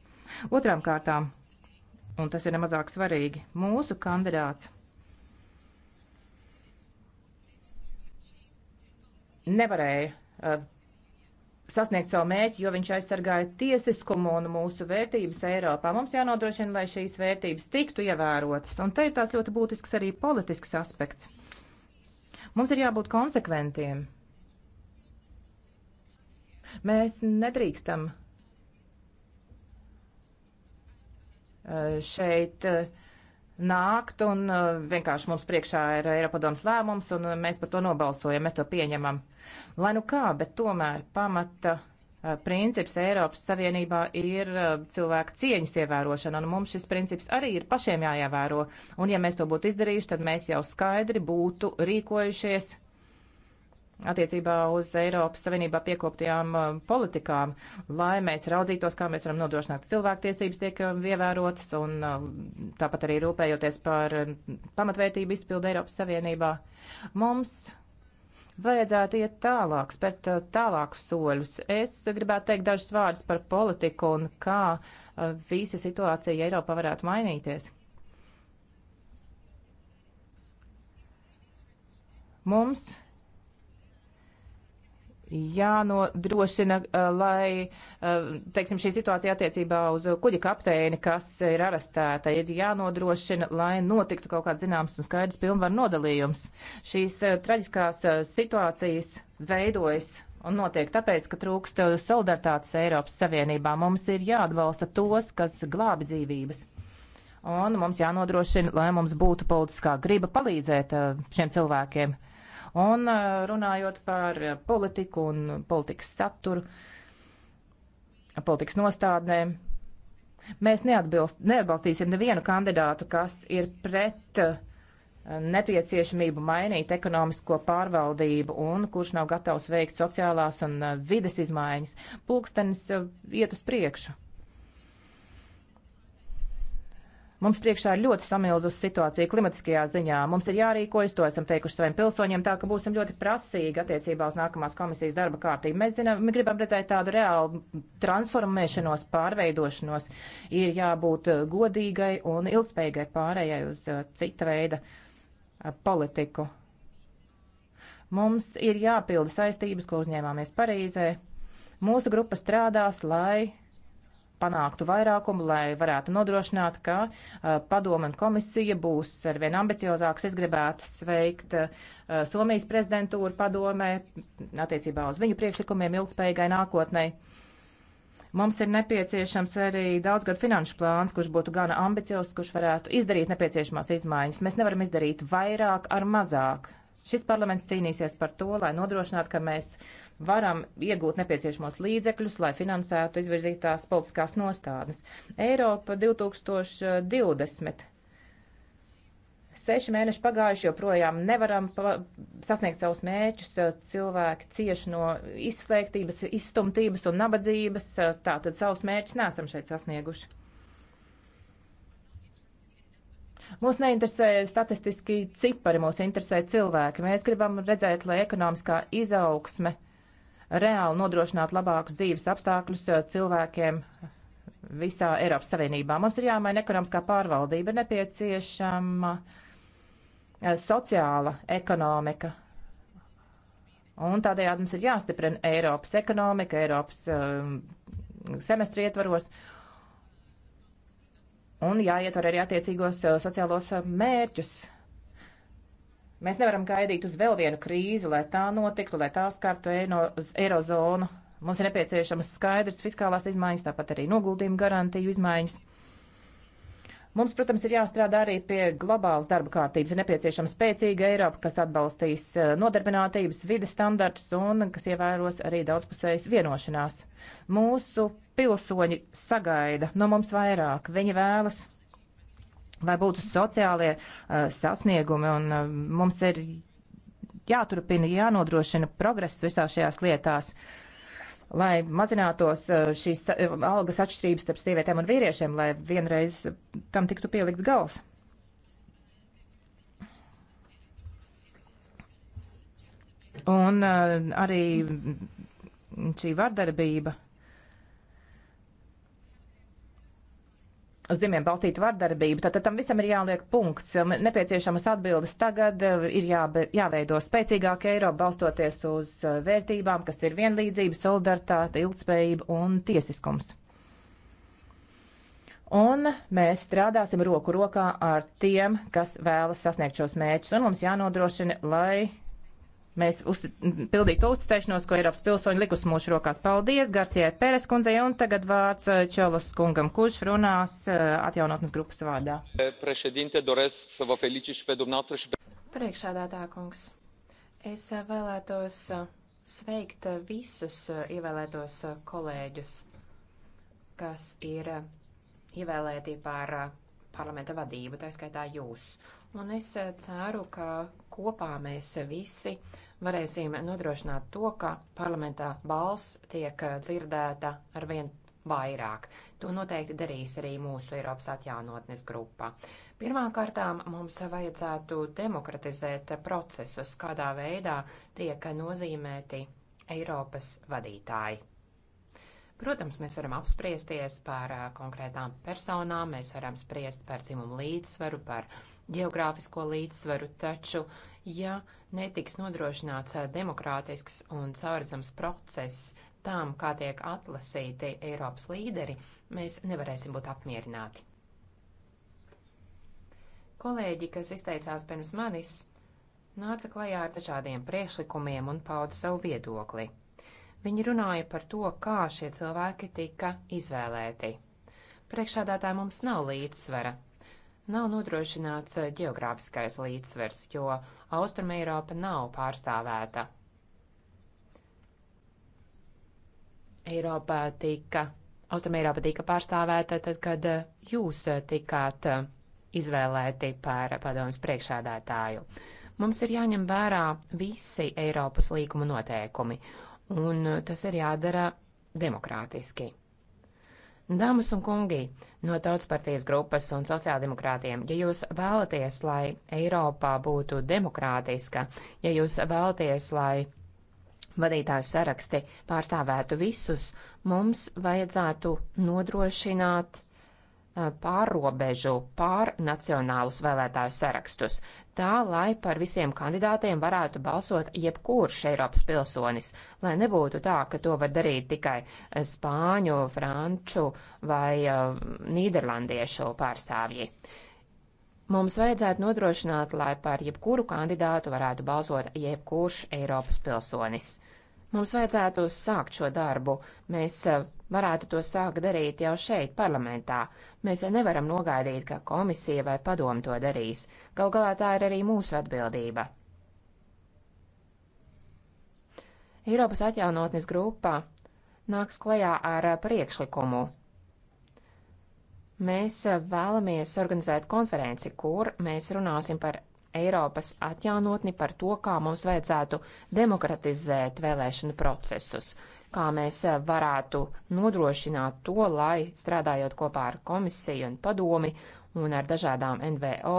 C: Otrām kārtām, un tas ir nemazāk svarīgi, mūsu kandidāts nevarēja uh, sasniegt savu mērķi, jo viņš aizsargāja tiesiskumu un mūsu vērtības Eiropā. Mums jānodrošina, lai šīs vērtības tiktu ievērotas, un te ir tās ļoti būtisks arī politisks aspekts. Mums ir jābūt konsekventiem. Mēs nedrīkstam šeit nākt un vienkārši mums priekšā ir Eiropadoms lēmums un mēs par to nobalsojam, mēs to pieņemam. Lai nu kā, bet tomēr pamata Eh, princips Eiropas Savienībā ir eh, cilvēka cieņas ievērošana, un mums šis princips arī ir pašiem jāievēro. Un ja mēs to būtu izdarījuši, tad mēs jau skaidri būtu rīkojušies attiecībā uz Eiropas Savienībā piekoptajām eh, politikām, lai mēs raudzītos, kā mēs varam nodrošināt, ka cilvēktiesības tiek ievērotas, un tāpat arī rūpējoties par pamatvērtību izpildu Eiropas Savienībā. Mums Vajadzētu iet tālāk, spērt uh, tālākus soļus. Es gribētu teikt dažus vārdus par politiku un kā uh, visa situācija Eiropā varētu mainīties. Mums jānodrošina, eh, lai, eh, teiksim, šī situācija attiecībā uz kuģa kapteini, kas ir arestēta, ir jānodrošina, lai notiktu kaut kāds zināms un skaidrs pilnvaru nodalījums. Šīs eh, traģiskās situācijas veidojas un notiek tāpēc, ka trūkst solidaritātes Eiropas Savienībā. Mums ir jāatbalsta tos, kas glābi dzīvības. Un mums jānodrošina, lai mums būtu politiskā griba palīdzēt šiem cilvēkiem. Un eh, runājot par politiku un politikas saturu, politikas nostādnēm, mēs neatbilst, neatbalstīsim nevienu kandidātu, kas ir pret eh, nepieciešamību mainīt ekonomisko pārvaldību un kurš nav gatavs veikt sociālās un eh, vides izmaiņas. Pulkstenis iet uz priekšu. Mums priekšā ir ļoti samilzusi situācija klimatiskajā ziņā. Mums ir jārīkojas, to esam teikuši saviem pilsoņiem, tā ka būsim ļoti prasīgi attiecībā uz nākamās komisijas darba kārtību. Mēs, zinām, mēs gribam redzēt tādu reālu transformēšanos, pārveidošanos. Ir jābūt eh, godīgai un ilgspējīgai pārējai uz eh, cita veida eh, politiku. Mums ir jāpilda saistības, ko uzņēmāmies Parīzē. Mūsu grupa strādās, lai panāktu vairākumu, lai varētu nodrošināt, ka uh, padoma un komisija būs arvien ambiciozāks. Es gribētu sveikt uh, Somijas prezidentūru padomē attiecībā uz viņu priekšlikumiem ilgspējīgai nākotnei. Mums ir nepieciešams arī daudzgad finanšu plāns, kurš būtu gana ambiciozs, kurš varētu izdarīt nepieciešamās izmaiņas. Mēs nevaram izdarīt vairāk ar mazāk. Šis parlaments cīnīsies par to, lai nodrošinātu, ka mēs varam iegūt nepieciešamos līdzekļus, lai finansētu izvirzītās politiskās nostādnes. Eiropa 2020. Seši mēneši pagājuši, joprojām nevaram sasniegt savus mērķus. Cilvēki cieši no izslēgtības, izstumtības un nabadzības. Tātad savus mērķus nesam šeit sasnieguši. Mūs neinteresē statistiski cipari, mūs interesē cilvēki. Mēs gribam redzēt, lai ekonomiskā izaugsme reāli nodrošinātu labākus dzīves apstākļus uh, cilvēkiem visā Eiropas Savienībā. Mums ir jāmaina ekonomiskā pārvaldība, ir nepieciešama uh, sociāla ekonomika, Un tādējādi mums ir jāstiprina Eiropas ekonomika, Eiropas um, semestri ietvaros, un jāietver arī attiecīgos eh, sociālos eh, mērķus. Mēs nevaram gaidīt uz vēl vienu krīzi, lai tā notiktu, lai tā skartu eino, eirozonu. Mums ir nepieciešamas skaidrs fiskālās izmaiņas, tāpat arī noguldījumu garantiju izmaiņas. Mums, protams, ir jāstrādā arī pie globālas darba kārtības. Ir nepieciešama spēcīga Eiropa, kas atbalstīs eh, nodarbinātības vides standartus un kas ievēros arī daudzpusējas vienošanās. Mūsu pilsoņi sagaida no mums vairāk. Viņi vēlas, lai būtu sociālie uh, sasniegumi, un uh, mums ir jāturpina, jānodrošina progress visās šajās lietās. Lai mazinātos uh, šīs algas atšķirības starp sievietēm un vīriešiem, lai vienreiz tam tiktu pielikts gals. Un uh, arī šī vardarbība uz zīmēm balstītu vardarbību, tad, tad tam visam ir jāliek punkts. Nepieciešamas atbildes tagad eh, ir jābe, jāveido spēcīgāka Eiropa, balstoties uz eh, vērtībām, kas ir vienlīdzība, solidaritāte, ilgspējība un tiesiskums. Un mēs strādāsim roku rokā ar tiem, kas vēlas sasniegt šos mērķus, un mums jānodrošina, lai mēs uz, pildīt to uzticēšanos, ko Eiropas pilsoņi likus mūsu rokās. Paldies Garcijai Pēres kundzei un tagad vārds eh, Čelos kungam, kurš runās eh, atjaunotnes grupas vārdā. Priekšādātā kungs, es eh, vēlētos sveikt
E: visus ievēlētos kolēģus, kas ir ievēlēti par parlamenta vadību, tā skaitā jūs. Un es ceru, ka kopā mēs visi varēsim nodrošināt to, ka parlamentā balss tiek eh, dzirdēta arvien vairāk. To noteikti darīs arī mūsu Eiropas atjaunotnes grupa. Pirmkārtām mums vajadzētu demokratizēt procesus, kādā veidā tiek nozīmēti Eiropas vadītāji. Protams, mēs varam apspriesties par eh, konkrētām personām, mēs varam spriest par dzimumu līdzsvaru, par geogrāfisko līdzsvaru, taču uh, ja netiks nodrošināts eh, demokrātisks un caurredzams process tām, kā tiek atlasīti Eiropas līderi, mēs nevarēsim būt apmierināti. Kolēģi, kas izteicās pirms manis, nāca klajā ar dažādiem priekšlikumiem un pauda savu viedokli. Viņi runāja par to, kā šie cilvēki tika izvēlēti. Priekšādātāji mums nav līdzsvara. Nav nodrošināts eh, geogrāfiskais līdzsvers, jo Austrumeiropa nav pārstāvēta. Eiropa tika, Austrumeiropa tika pārstāvēta tad, kad eh, jūs eh, tikāt izvēlēti par padomus priekšādātāju. Mums ir jāņem vērā visi Eiropas līguma noteikumi, un tas ir jādara demokrātiski. Dāmas un kungi no Tautspartijas grupas un sociāldemokrātiem, ja jūs vēlaties, lai Eiropā būtu demokrātiska, ja jūs vēlaties, lai vadītāju saraksti pārstāvētu visus, mums vajadzētu nodrošināt pārrobežu, pārnacionālus vēlētāju sarakstus tā, lai par visiem kandidātiem varētu balsot jebkurš Eiropas pilsonis, lai nebūtu tā, ka to var darīt tikai eh, spāņu, franču vai uh, nīderlandiešu pārstāvji. Mums vajadzētu nodrošināt, lai par jebkuru kandidātu varētu balsot jebkurš Eiropas pilsonis. Mums vajadzētu sākt šo darbu. Mēs eh, varētu to sākt darīt jau šeit, parlamentā. Mēs nevaram nogaidīt, ka komisija vai padomu to darīs. Gal galā tā ir arī mūsu atbildība. Eiropas atjaunotnes grupā nāks klajā ar eh, priekšlikumu. Mēs eh, vēlamies organizēt konferenci, kur mēs runāsim par Eiropas atjaunotni par to, kā mums vajadzētu demokratizēt vēlēšanu procesus, kā mēs eh, varētu nodrošināt to, lai strādājot kopā ar komisiju un padomi un ar dažādām NVO,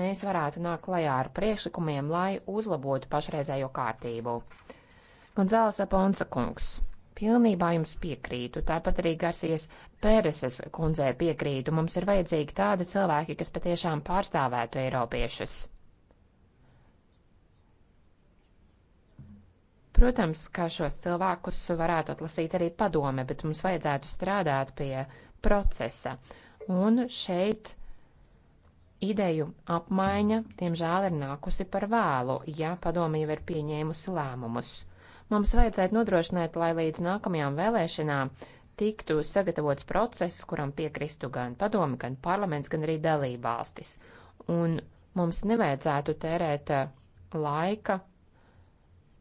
E: mēs varētu nākt klajā ar priekšlikumiem, lai uzlabotu pašreizējo kārtību. Gonzāles Aponsa kungs. Pilnībā jums piekrītu, tāpat arī Garsies Pēreses kundzē piekrītu. Mums ir vajadzīgi tādi cilvēki, kas patiešām pārstāvētu Eiropiešus. Protams, ka šos cilvēkus varētu atlasīt arī padome, bet mums vajadzētu strādāt pie procesa. Un šeit ideju apmaiņa, diemžēl, ir nākusi par vēlu, ja padome jau ir pieņēmusi lēmumus. Mums vajadzētu nodrošināt, lai līdz nākamajām vēlēšanām tiktu sagatavots process, kuram piekristu gan padome, gan parlaments, gan arī dalībvalstis. Un mums nevajadzētu tērēt eh, laika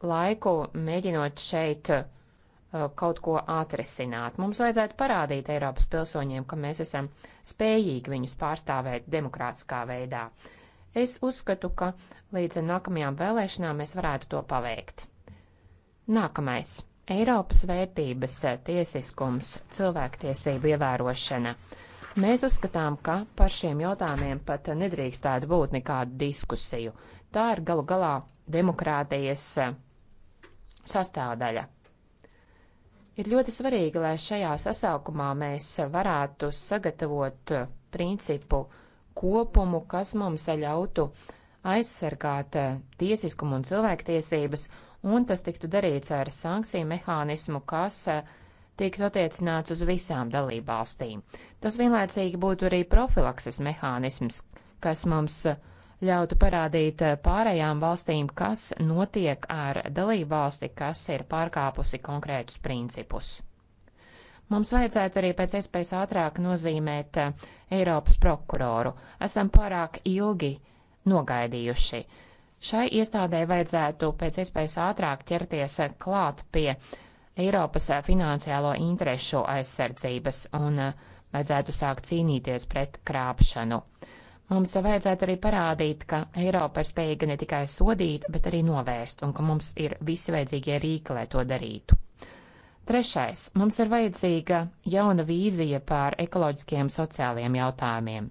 E: laiku mēģinot šeit uh, kaut ko atrisināt. Mums vajadzētu parādīt Eiropas pilsoņiem, ka mēs esam spējīgi viņus pārstāvēt demokrātiskā veidā. Es uzskatu, ka līdz nākamajām vēlēšanām mēs varētu to paveikt. Nākamais - Eiropas vērtības, tiesiskums, cilvēktiesību ievērošana. Mēs uzskatām, ka par šiem jautājumiem pat nedrīkstētu būt nekādu diskusiju. Tā ir galu galā demokrātijas sastāvdaļa. Ir ļoti svarīgi, lai šajā sasaukumā mēs varētu sagatavot principu kopumu, kas mums ļautu aizsargāt tiesiskumu un cilvēktiesības, un tas tiktu darīts ar sankciju mehānismu, kas tiktu attiecināts uz visām dalībvalstīm. Tas vienlaicīgi būtu arī profilakses mehānisms, kas mums ļautu ļautu parādīt eh, pārējām valstīm, kas notiek ar dalību valsti, kas ir pārkāpusi konkrētus principus. Mums vajadzētu arī pēc iespējas ātrāk nozīmēt eh, Eiropas prokuroru. Esam pārāk ilgi nogaidījuši. Šai iestādē vajadzētu pēc iespējas ātrāk ķerties eh, klāt pie Eiropas finansiālo interešu aizsardzības un vajadzētu sākt cīnīties pret krāpšanu. Mums vajadzētu arī parādīt, ka Eiropa ir spējīga ne tikai sodīt, bet arī novērst, un ka mums ir visi vajadzīgie rīki, lai to darītu. Trešais. Mums ir vajadzīga jauna vīzija pār ekoloģiskiem sociāliem jautājumiem.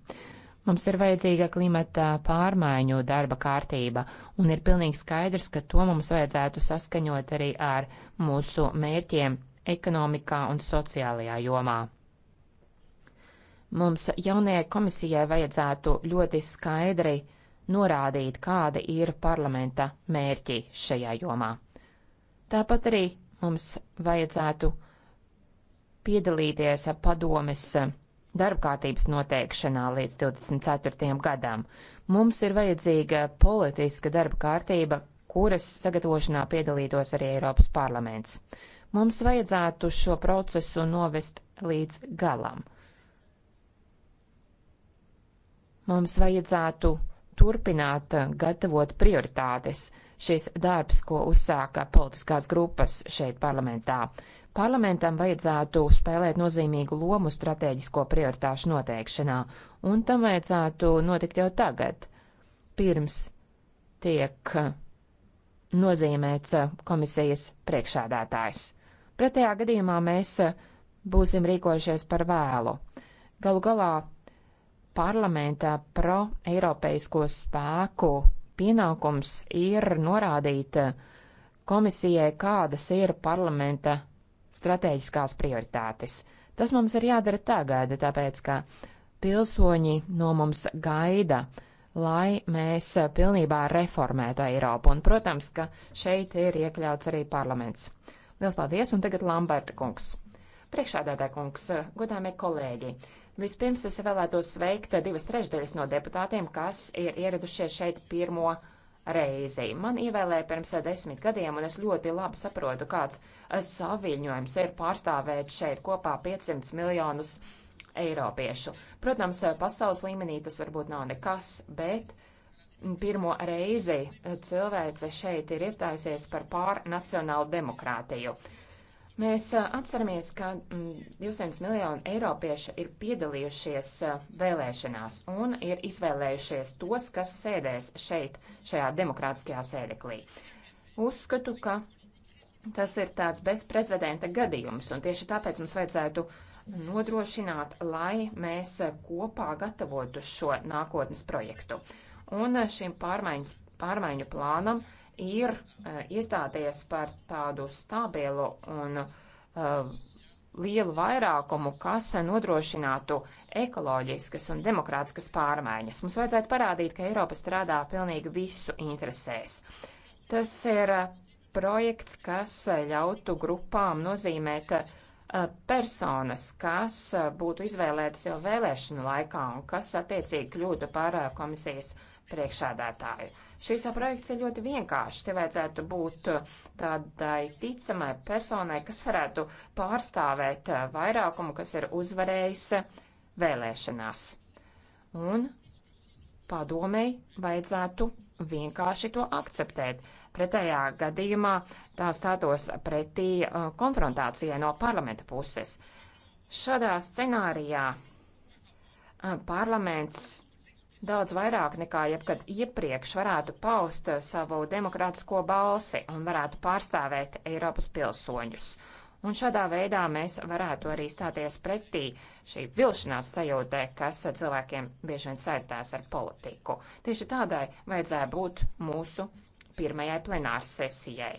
E: Mums ir vajadzīga klimata pārmaiņu darba kārtība, un ir pilnīgi skaidrs, ka to mums vajadzētu saskaņot arī ar mūsu mērķiem ekonomikā un sociālajā jomā. Mums jaunajai komisijai vajadzētu ļoti skaidri norādīt, kāda ir parlamenta mērķi šajā jomā. Tāpat arī mums vajadzētu piedalīties padomes darbkārtības noteikšanā līdz 24. gadam. Mums ir vajadzīga politiska darba kārtība, kuras sagatavošanā piedalītos arī Eiropas parlaments. Mums vajadzētu šo procesu novest līdz galam. Mums vajadzētu turpināt gatavot prioritātes šis darbs, ko uzsāka politiskās grupas šeit parlamentā. Parlamentam vajadzētu spēlēt nozīmīgu lomu strateģisko prioritāšu noteikšanā, un tam vajadzētu notikt jau tagad, pirms tiek nozīmēts komisijas priekšādātājs. Pretējā gadījumā mēs būsim rīkojušies par vēlu. Galu galā parlamentā pro-eiropeisko spēku pienākums ir norādīt komisijai, kādas ir parlamenta stratēģiskās prioritātes. Tas mums ir jādara tagad, tāpēc ka pilsoņi no mums gaida, lai mēs pilnībā reformētu Eiropu. Un, protams, ka šeit ir iekļauts arī parlaments. Lielas paldies, un tagad Lamberta kungs. Priekšādātā kungs, godāmie kolēģi, Vispirms es vēlētos sveikt divas trešdaļas no deputātiem, kas ir ieradušies šeit pirmo reizi. Man ievēlēja pirms desmit gadiem, un es ļoti labi saprotu, kāds saviņojums ir pārstāvēt šeit kopā 500 miljonus eiropiešu. Protams, pasaules līmenī tas varbūt nav nekas, bet pirmo reizi cilvēce šeit ir iestājusies par pārnacionālu demokrātiju. Mēs atceramies, ka 200 mm, miljoni eiropieši ir piedalījušies vēlēšanās un ir izvēlējušies tos, kas sēdēs šeit, šajā demokrātiskajā sēdeklī. Uzskatu, ka tas ir tāds bezprecedenta gadījums, un tieši tāpēc mums vajadzētu nodrošināt, lai mēs kopā gatavotu šo nākotnes projektu. Un šim pārmaiņas, pārmaiņu plānam ir e, iestāties par tādu stabilu un uh, lielu vairākumu, kas nodrošinātu ekoloģiskas un demokrātiskas pārmaiņas. Mums vajadzētu parādīt, ka Eiropa strādā pilnīgi visu interesēs. Tas ir projekts, kas ļautu grupām nozīmēt uh, personas, kas būtu izvēlētas jau vēlēšanu laikā un kas attiecīgi kļūtu par komisijas uh, priekšādātāju. Šīs projekts ir ļoti vienkāršs. Te vajadzētu būt uh, tādai ticamai personai, kas varētu pārstāvēt uh, vairākumu, kas ir uzvarējis uh, vēlēšanās. Un padomei vajadzētu vienkārši to akceptēt. Pretējā gadījumā tā stātos pretī konfrontācijai no parlamenta puses. Šādā scenārijā parlaments daudz vairāk nekā jebkad iepriekš varētu paust savu demokrātisko balsi un varētu pārstāvēt Eiropas pilsoņus. Un šādā veidā mēs varētu arī stāties pretī šī vilšanās sajūtē, kas cilvēkiem bieži vien saistās ar politiku. Tieši tādai vajadzēja būt mūsu pirmajai plenāras sesijai.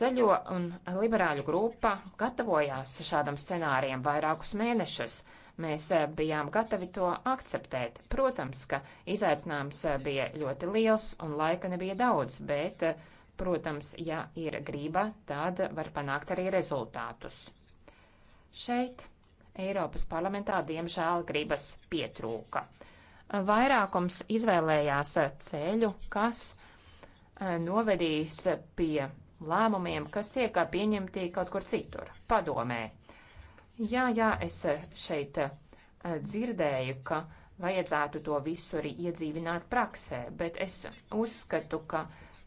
E: Zaļo un liberāļu grupa gatavojās šādam scenārijam vairākus mēnešus. Mēs eh, bijām gatavi to akceptēt. Protams, ka izaicinājums eh, bija ļoti liels un laika nebija daudz, bet, eh, protams, ja ir grība, tad var panākt arī rezultātus. Šeit Eiropas parlamentā, diemžēl, gribas pietrūka. Vairākums izvēlējās ceļu, kas novedīs pie lēmumiem, kas tiek pieņemti kaut kur citur, padomē. Jā, jā, es eh, šeit eh, dzirdēju, ka vajadzētu to visu arī iedzīvināt praksē, bet es uzskatu, ka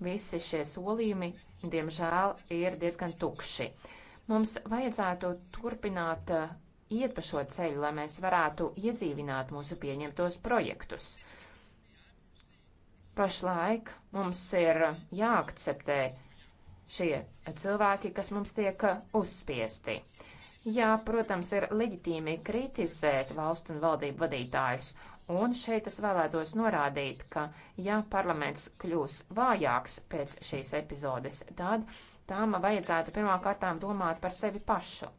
E: visi šie solījumi, diemžēl, ir diezgan tukši. Mums vajadzētu turpināt eh, iet pa šo ceļu, lai mēs varētu iedzīvināt mūsu pieņemtos projektus. Pašlaik mums ir jāakceptē šie cilvēki, kas mums tiek uzspiesti. Uh, Jā, protams, ir leģitīmi kritizēt valstu un valdību vadītājus. Un šeit es vēlētos norādīt, ka ja parlaments kļūs vājāks pēc šīs epizodes, tad tām vajadzētu pirmkārtām domāt par sevi pašu.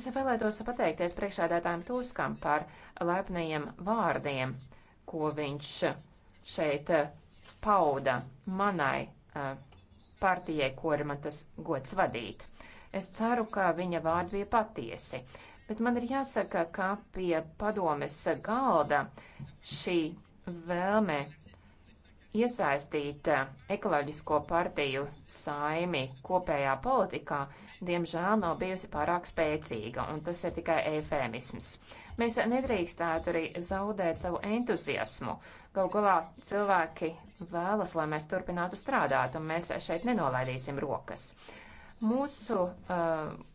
E: Es vēlētos pateikties priekšādātājiem Tūskam par lepniem vārdiem, ko viņš šeit eh, pauda manai eh, partijai, ko ir man tas gods vadīt. Es ceru, ka viņa vārdi bija patiesi. Bet man ir jāsaka, ka pie padomes galda šī vēlme iesaistīt ekoloģisko partiju saimi kopējā politikā, diemžēl nav bijusi pārāk spēcīga, un tas ir tikai eifēmisms. Mēs nedrīkstētu arī zaudēt savu entuziasmu. Galu galā cilvēki vēlas, lai mēs turpinātu strādāt, un mēs šeit nenolaidīsim rokas. Mūsu uh,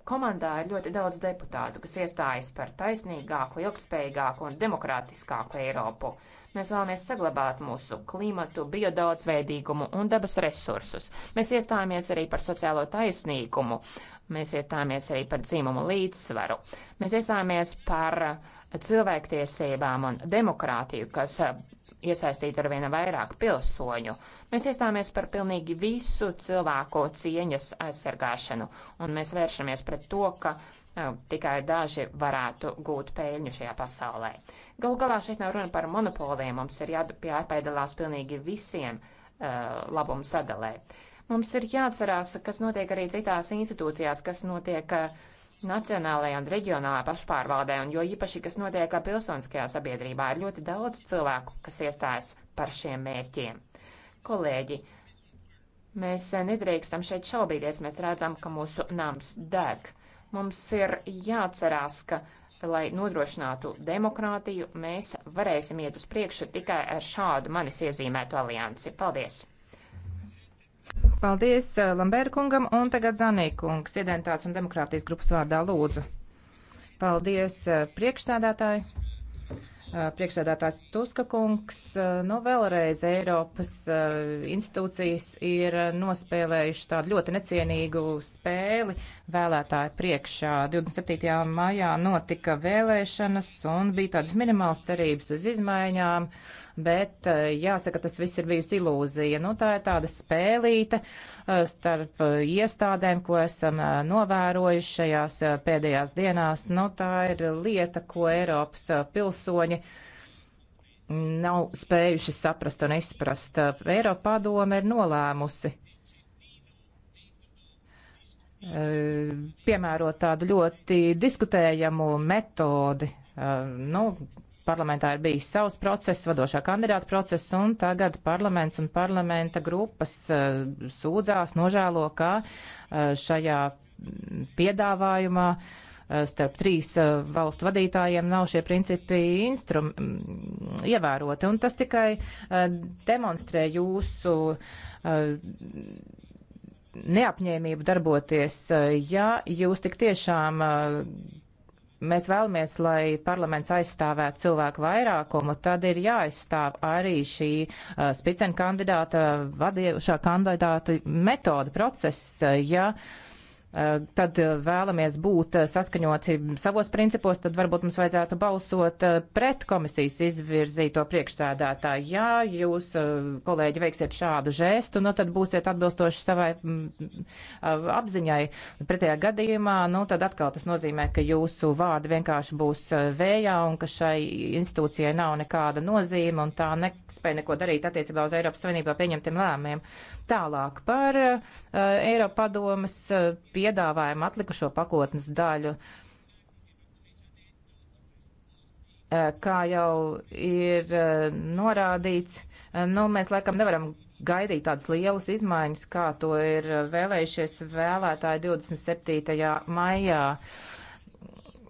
E: komandā ir ļoti daudz deputātu, kas iestājas par taisnīgāku, ilgspējīgāku un demokrātiskāku Eiropu. Mēs vēlamies saglabāt mūsu klimatu, biodaudzveidīgumu un dabas resursus. Mēs iestājāmies arī par sociālo taisnīgumu. Mēs iestājāmies arī par dzimumu līdzsvaru. Mēs iestājāmies par cilvēktiesībām un demokrātiju, kas uh, iesaistītu ar viena vairāk pilsoņu. Mēs iestāmies par pilnīgi visu cilvēku cieņas aizsargāšanu, un mēs vēršamies pret to, ka e, tikai daži varētu gūt peļņu šajā pasaulē. Galu galā šeit nav runa par monopoliem, mums ir jāpiedalās pilnīgi visiem uh, labumu sadalē. Mums ir jāatcerās, kas notiek arī citās institūcijās, kas notiek uh, nacionālajā un reģionālā pašpārvaldē, un jo īpaši, kas notiek kā pilsoniskajā sabiedrībā, ir ļoti daudz cilvēku, kas iestājas par šiem mērķiem. Kolēģi, mēs nedrīkstam šeit šaubīties, mēs redzam, ka mūsu nams deg. Mums ir jāatcerās, ka lai nodrošinātu demokrātiju, mēs varēsim iet uz priekšu tikai ar šādu manis iezīmētu aliansi. Paldies!
C: Paldies eh, Lambēra kungam un tagad Zanī kungs, identitātes un demokrātijas grupas vārdā lūdzu. Paldies eh, priekšsēdētāji. Eh, priekšsēdētājs Tuska kungs, nu vēlreiz Eiropas institūcijas ir nospēlējuši tādu ļoti necienīgu spēli vēlētāju priekšā. 27. maijā notika vēlēšanas un bija tādas minimāls cerības uz izmaiņām. Uh, bet eh, jāsaka, tas viss ir bijusi ilūzija. Nu, tā ir tāda spēlīte eh, starp eh, iestādēm, ko esam novērojuši šajās pēdējās dienās. Nu, tā ir lieta, ko Eiropas pilsoņi nav spējuši saprast un izprast. Eiropa padome ir nolēmusi piemērot tādu ļoti diskutējamu metodi. Nu, Parlamentā ir bijis savs process, vadošā kandidāta process, un tagad parlaments un parlamenta grupas eh, sūdzās, nožēlo, ka eh, šajā piedāvājumā eh, starp trīs valstu vadītājiem nav šie principi instrum, mm, ievēroti. Un tas tikai demonstrē jūsu neapņēmību darboties, ja jūs tik tiešām mēs vēlamies, lai parlaments aizstāvētu cilvēku vairākumu, tad ir jāaizstāv arī šī uh, spicen kandidāta, vadījušā kandidāta metoda process, uh, ja uh, Eh, tad eh, vēlamies būt eh, saskaņoti savos principos, tad varbūt mums vajadzētu balsot pret komisijas izvirzīto priekšsēdētāju. Ja jūs, kolēģi, veiksiet šādu žēstu, nu tad būsiet atbilstoši savai mm, apziņai. Pretējā gadījumā, nu tad atkal tas nozīmē, ka jūsu vārdi vienkārši būs vējā un ka šai institūcijai nav nekāda nozīme un tā nespēja neko darīt attiecībā uz Eiropas Savienībā pieņemtiem lēmiem. Tālāk par uh, Eiropadomas uh, pie piedāvājumu atlikušo pakotnes daļu. Eh, kā jau ir eh, norādīts, eh, nu, mēs laikam nevaram gaidīt tādas lielas izmaiņas, kā to ir vēlējušies vēlētāji 27. maijā.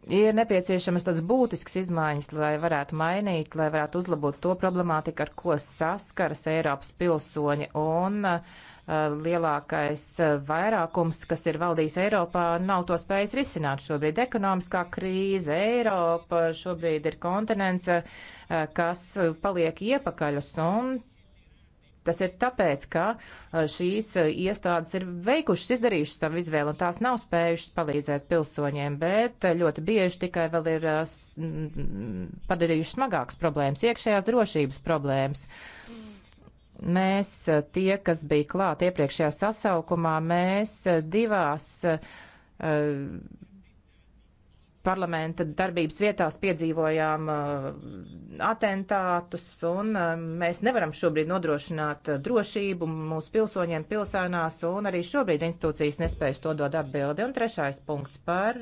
C: Ir nepieciešamas tādas būtiskas izmaiņas, lai varētu mainīt, lai varētu uzlabot to problemātiku, ar ko saskaras Eiropas pilsoņi. Un uh, Eh, lielākais eh, vairākums, kas ir valdījis Eiropā, nav to spējis risināt. Šobrīd ekonomiskā krīze Eiropa, šobrīd ir kontinents, eh, kas paliek iepakaļus un Tas ir tāpēc, ka šīs iestādes ir veikušas, izdarījušas savu izvēli un tās nav spējušas palīdzēt pilsoņiem, bet ļoti bieži tikai vēl ir padarījušas smagākas problēmas, iekšējās drošības problēmas. Mm Mēs, eh, tie, kas bija klāt iepriekšējā sasaukumā, mēs eh, divās eh, parlamenta darbības vietās piedzīvojām uh, atentātus, un um, mēs nevaram šobrīd nodrošināt uh, drošību mūsu pilsoņiem pilsēnās, un arī šobrīd institūcijas nespējas to dod atbildi. Un trešais punkts par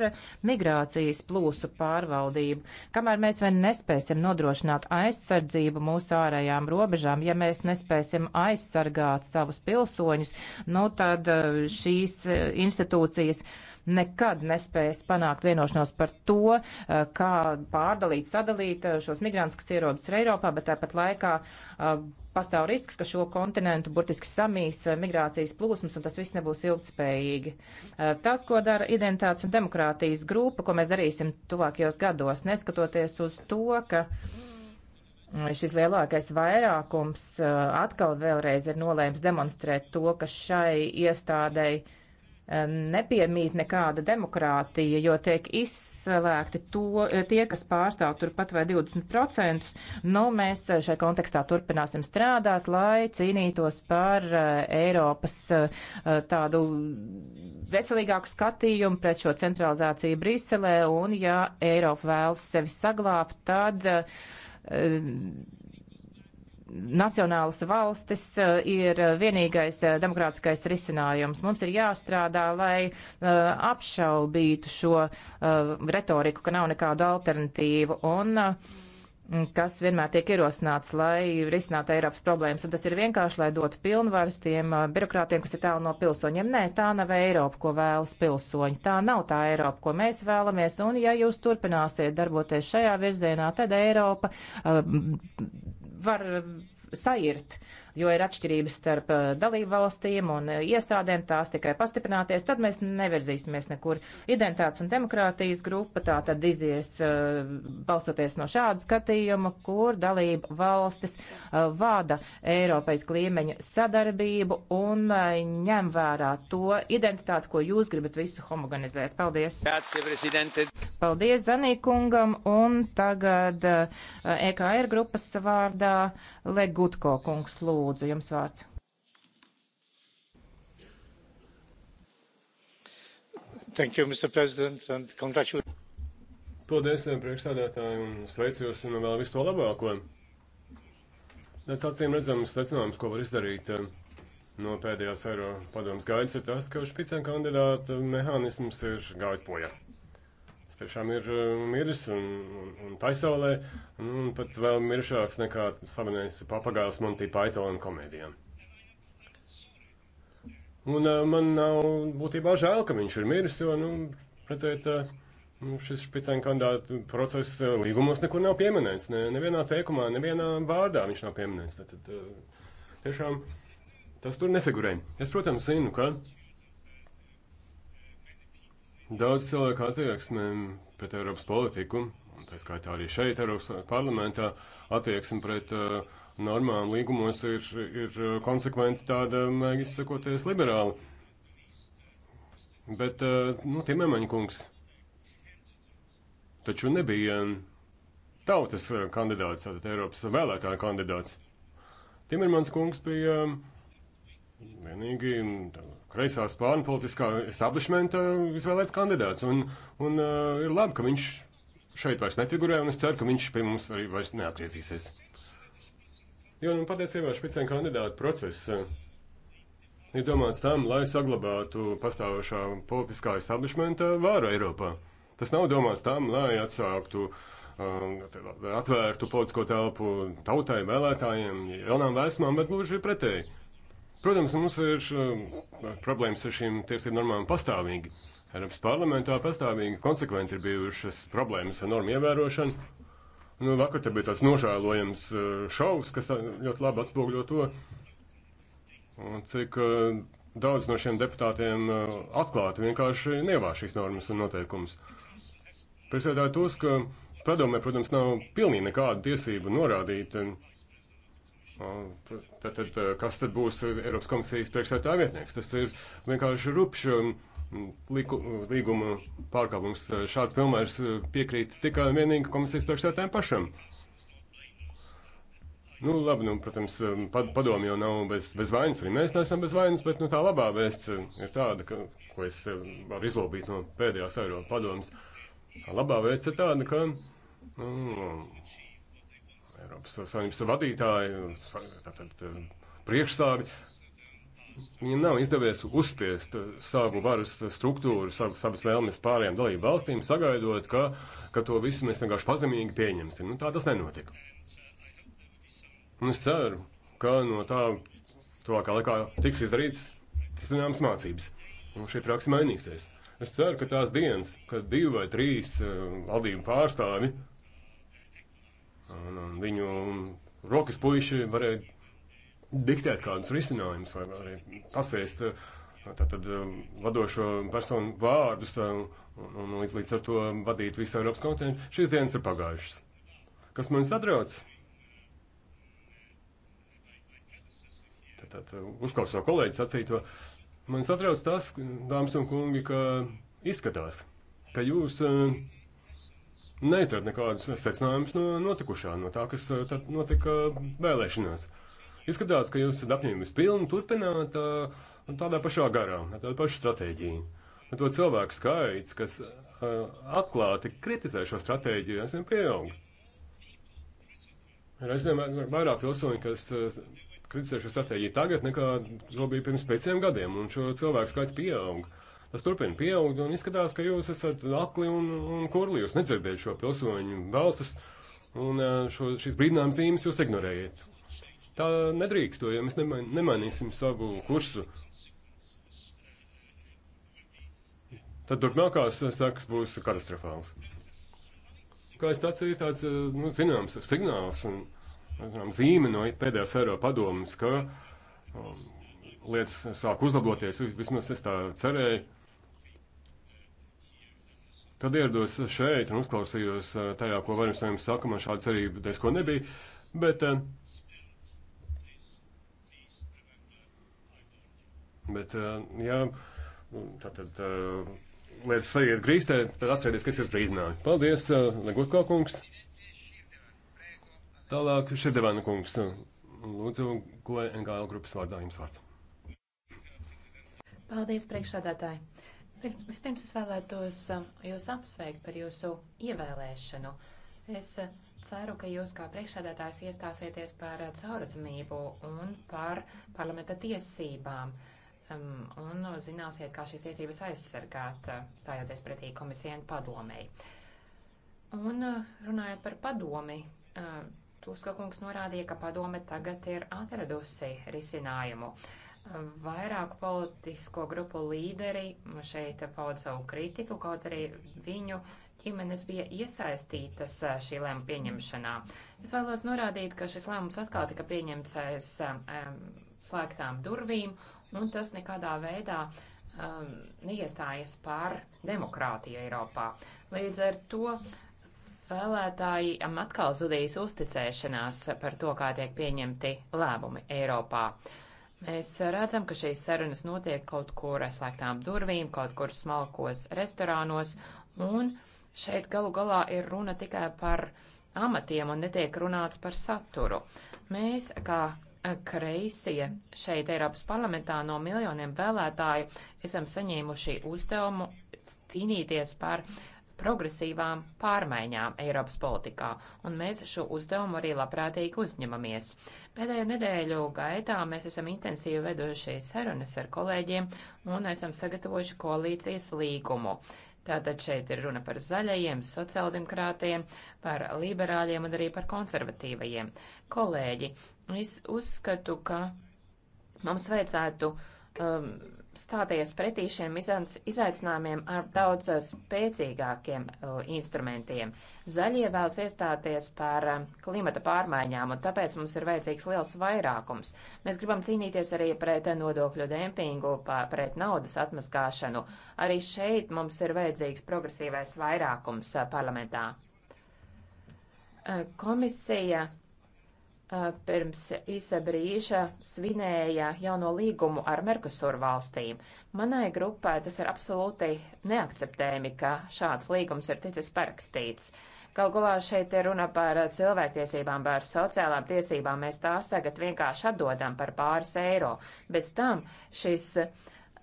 C: migrācijas plūsu pārvaldību. Kamēr mēs vien nespēsim nodrošināt aizsardzību mūsu ārējām robežām, ja mēs nespēsim aizsargāt savus pilsoņus, nu tad uh, šīs institūcijas. Uh, nekad nespēs panākt vienošanos par to, eh, kā pārdalīt, sadalīt eh, šos migrantus, kas ierodas Eiropā, bet tāpat laikā eh, pastāv risks, ka šo kontinentu burtiski samīs migrācijas plūsmas, un tas viss nebūs ilgtspējīgi. Tas, ko dara identitātes un demokrātijas grupa, ko mēs darīsim tuvākajos gados, neskatoties uz to, ka šis lielākais vairākums atkal vēlreiz ir nolēms demonstrēt to, ka šai iestādēji nepiemīt nekāda demokrātija, jo tiek izslēgti to, eh, tie, kas pārstāv turpat vai 20%. Nu, mēs eh, šai kontekstā turpināsim strādāt, lai cīnītos par eh, Eiropas tādu veselīgāku skatījumu pret šo centralizāciju Briselē, un ja Eiropa vēlas sevi saglābt, tad nacionālas valstis eh, ir vienīgais eh, demokrātiskais risinājums. Mums ir jāstrādā, lai eh, apšaubītu šo retoriku, ka nav nekādu alternatīvu. Un, kas vienmēr tiek ierosināts, lai risinātu Eiropas problēmas, un tas ir vienkārši, lai dotu pilnvaras tiem birokrātiem, kas ir tālu no pilsoņiem. Nē, tā nav Eiropa, ko vēlas pilsoņi. Tā nav tā Eiropa, ko mēs vēlamies, un ja jūs turpināsiet darboties šajā virzienā, tad Eiropa uh, var sairt jo ir atšķirības starp eh, dalību valstīm un eh, iestādēm, tās tikai pastiprināties, tad mēs neverzīsimies nekur. Identitātes un demokrātijas grupa tā tad izies eh, balstoties no šāda skatījuma, kur dalība valstis vada Eiropas līmeņa sadarbību un ņem vērā to identitāti, ko jūs gribat visu homogenizēt. Paldies! Paldies Zanīkungam un tagad EKR e grupas vārdā Legutko kungs lūdzu. Lūdzu, jums vārds.
D: Thank you, Mr. President, and congratulations. Paldies, eh, priekšsēdētāji, un sveicu jūs un vēl visu to labāko. Tāds acīm redzams secinājums, ko var izdarīt eh, no pēdējās eiro padomas gaidas, ir tas, ka špicēm kandidāta mehānisms ir gājis bojā kas tiešām ir eh, miris un, un, un taisolē, un, un pat vēl miršāks nekā slavenais papagāls Monty Python komēdijām. Un eh, man nav būtībā žēl, ka viņš ir miris, jo, nu, redzēt, eh, nu, šis špicēna kandidāta process līgumos nekur nav pieminēts, ne, nevienā teikumā, nevienā vārdā viņš nav pieminēts. Tad, tad tiešām tas tur nefigurē. Es, protams, zinu, ka Daudz cilvēku attieksme pret Eiropas politiku, un tā skaitā arī šeit, Eiropas parlamentā, attieksme pret uh, normām līgumos ir, ir uh, konsekventi tāda, mēģis sakoties, liberāla. Bet, uh, nu, Timermaņa kungs taču nebija um, tautas uh, kandidāts, tātad Eiropas vēlētāju kandidāts. Timermans kungs bija um, vienīgi kreisā spārna politiskā establishmenta izvēlēts kandidāts. Un, un uh, ir labi, ka viņš šeit vairs nefigurē, un es ceru, ka viņš pie mums arī vairs neatgriezīsies. Jo nu, patiesībā špicēna kandidāta process uh, ir domāts tam, lai saglabātu pastāvošā politiskā establishmenta vāru Eiropā. Tas nav domāts tam, lai atsāktu uh, atvērtu politisko telpu tautai, vēlētājiem, jaunām vēsmām, bet gluži pretēji. Protams, mums ir eh, problēmas ar šīm tiesību normām pastāvīgi. Eiropas parlamentā pastāvīgi konsekventi ir bijušas problēmas ar normu ievērošanu. Nu, vakar te bija tāds nožēlojams eh, šovs, kas eh, ļoti labi atspoguļo to, cik daudz no šiem deputātiem atklāti vienkārši nevā šīs normas un noteikumus. Priekšsēdētāji tos, ka padomē, protams, nav pilnīgi nekāda tiesība norādīt Tad, tad, eh, kas tad būs Eiropas komisijas priekšsētāja vietnieks? Tas ir vienkārši rupšs um, līguma pārkāpums. Šāds pilnvērs eh, piekrīt tikai un vienīgi komisijas priekšsētājiem pašam. Nu, labi, nu, protams, um, pad, padomi jau nav bez, bez vainas, arī mēs neesam bez vainas, bet nu, tā labā vēsts eh, ir tāda, ka, ko es varu izlobīt no pēdējās Eiropas padomas. Tā labā vēsts ir tāda, ka nu, Eiropas Savienības vadītāji, tātad um, priekšstāvi, Viņam nav izdevies uzspiest uh, savu varas struktūru, savu, savas vēlmes pārējām dalību valstīm, sagaidot, ka, ka to visu mēs vienkārši pazemīgi pieņemsim. Nu, tā tas nenotika. Un es ceru, ka no tā tuvākā laikā tiks izdarīts zināmas mācības. Un šī praksa mainīsies. Es ceru, ka tās dienas, kad divi vai trīs uh, valdību pārstāvi uh, Un, un viņu rokas puiši varēja diktēt kādus risinājumus vai arī pasēst uh, tātad um, vadošo personu vārdus uh, un, un līdz, līdz ar to vadīt visu Eiropas kontinentu. Šīs dienas ir pagājušas. Kas man satrauc? Tātad uh, uzklausot kolēģi sacīto, man satrauc tas, dāmas un kungi, ka izskatās, ka jūs uh, neizdarot nekādus secinājumus no notikušā, no tā, kas eh, tad notika eh, vēlēšanās. Izskatās, ka jūs esat apņēmis pilni turpināt eh, tādā pašā garā, tādu pašu stratēģiju. Bet to cilvēku skaits, kas atklāti kritizē šo stratēģiju, esam pieaug. Reizēm ir vairāk pilsoņu, kas kritizē šo stratēģiju tagad, nekā to bija pirms pieciem gadiem, un šo cilvēku skaits pieaug. Uh, tas turpina pieaugt, un izskatās, ka jūs esat akli un, un kurli, jūs nedzirdiet šo pilsoņu balsis, un šo, šīs brīdinājums zīmes jūs ignorējat. Tā nedrīkst, jo mēs nemain, nemainīsim savu kursu. Tad turpmākās sekas būs katastrofāls. Kā es sacīju, tāds, nu, zināms, signāls un, zinām, zīme no pēdējās Eiropa padomas, ka um, lietas sāk uzlaboties, vismaz es tā cerēju. Kad ierados šeit un uzklausījos eh, tajā, ko varam saviem saka, man šāda cerība diezko nebija, bet. Eh, bet, eh, ja tātad lietas sajiet grīstē, tad atcerieties, kas jūs brīdināja. Paldies, Legutko kungs. Tālāk Šerdevana kungs. Lūdzu, ko NKL grupas vārdā jums vārds.
E: Paldies, priekšsādātāji. Vispirms es vēlētos um, jūs apsveikt par jūsu ievēlēšanu. Es uh, ceru, ka jūs kā priekšsēdētājs iestāsieties par uh, caurredzamību un par parlamenta tiesībām um, un zināsiet, kā šīs tiesības aizsargāt, uh, stājoties pretī komisijai un padomēji. Un runājot par padomi, Tuska kungs norādīja, ka padome tagad ir atradusi risinājumu. Uh, Vairāku politisko grupu līderi šeit pauda savu kritiku, kaut arī viņu ģimenes bija iesaistītas šī lēma pieņemšanā. Es vēlos norādīt, ka šis lēmums atkal tika pieņemts aiz um, slēgtām durvīm, un tas nekādā veidā um, neiestājas pār demokrātiju Eiropā. Līdz ar to vēlētājiem atkal zudīs uzticēšanās par to, kā tiek pieņemti lēmumi Eiropā. Uh, Mēs redzam, ka šīs sarunas notiek kaut kur aizslēgtām durvīm, kaut kur smalkos restorānos, un šeit galu galā ir runa tikai par amatiem un netiek runāts par saturu. Mēs, kā kreisie, šeit Eiropas parlamentā no miljoniem vēlētāju esam saņēmuši uzdevumu cīnīties par uh, progresīvām pārmaiņām Eiropas politikā, un mēs šo uzdevumu arī labprātīgi uzņemamies. Pēdējo nedēļu gaitā mēs esam intensīvi vedojuši sarunas ar kolēģiem un esam sagatavojuši koalīcijas līgumu. Tātad šeit ir runa par zaļajiem, sociāldemokrātiem, par liberāļiem un arī par konservatīvajiem. Kolēģi, es uzskatu, ka mums vajadzētu um, stāties pretī šiem izaicinājumiem ar daudz eh, spēcīgākiem eh, instrumentiem. Zaļie vēlas iestāties par eh, klimata pārmaiņām, un tāpēc mums ir vajadzīgs liels vairākums. Mēs gribam cīnīties arī pret nodokļu dempingu, pret naudas atmaskāšanu. Arī šeit mums ir vajadzīgs progresīvais vairākums parlamentā. Komisija pirms īsa brīža svinēja jauno līgumu ar Merkusuru valstīm. Manai grupai tas ir absolūti neakceptējami, ka šāds līgums ir ticis parakstīts. Galu galā šeit ir runa par cilvēktiesībām, par sociālām tiesībām. Mēs tās tagad vienkārši atdodam par pāris eiro. Bez tam šis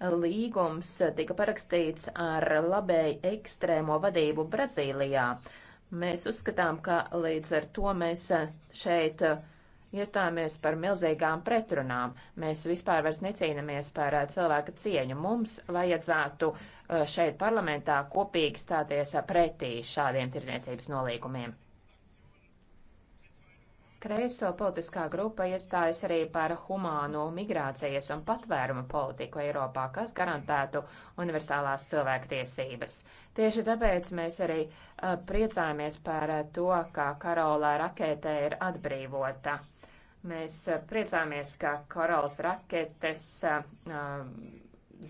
E: līgums tika parakstīts ar labēji ekstrēmo vadību Brazīlijā. Mēs uzskatām, ka līdz ar to mēs šeit uh, iestājāmies par milzīgām pretrunām. Mēs vispār vairs necīnāmies par eh, cilvēka cieņu. Mums vajadzētu eh, šeit parlamentā kopīgi stāties pretī šādiem tirdzniecības nolīgumiem. Kreiso politiskā grupa iestājas arī par humāno migrācijas un patvērumu politiku Eiropā, kas garantētu universālās cilvēktiesības. Tieši tāpēc mēs arī eh, priecājamies par to, ka Karola Rakētē ir atbrīvota. Mēs eh, priecāmies, ka korals raketes eh, eh,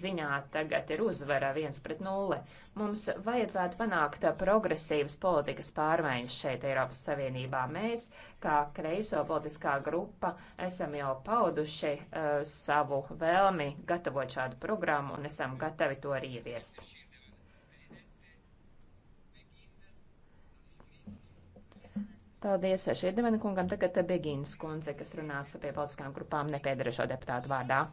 E: ziņā tagad ir uzvara viens pret nulli. Mums vajadzētu panākt progresīvas politikas pārmaiņas šeit Eiropas Savienībā. Mēs, kā kreiso politiskā grupa, esam jau pauduši uh, savu vēlmi gatavot šādu programmu un esam gatavi to arī ieviest. Paldies Šeidemena kungam. Tagad Begīnas kundze, kas runās pie politiskām grupām nepiedarešo deputātu vārdā.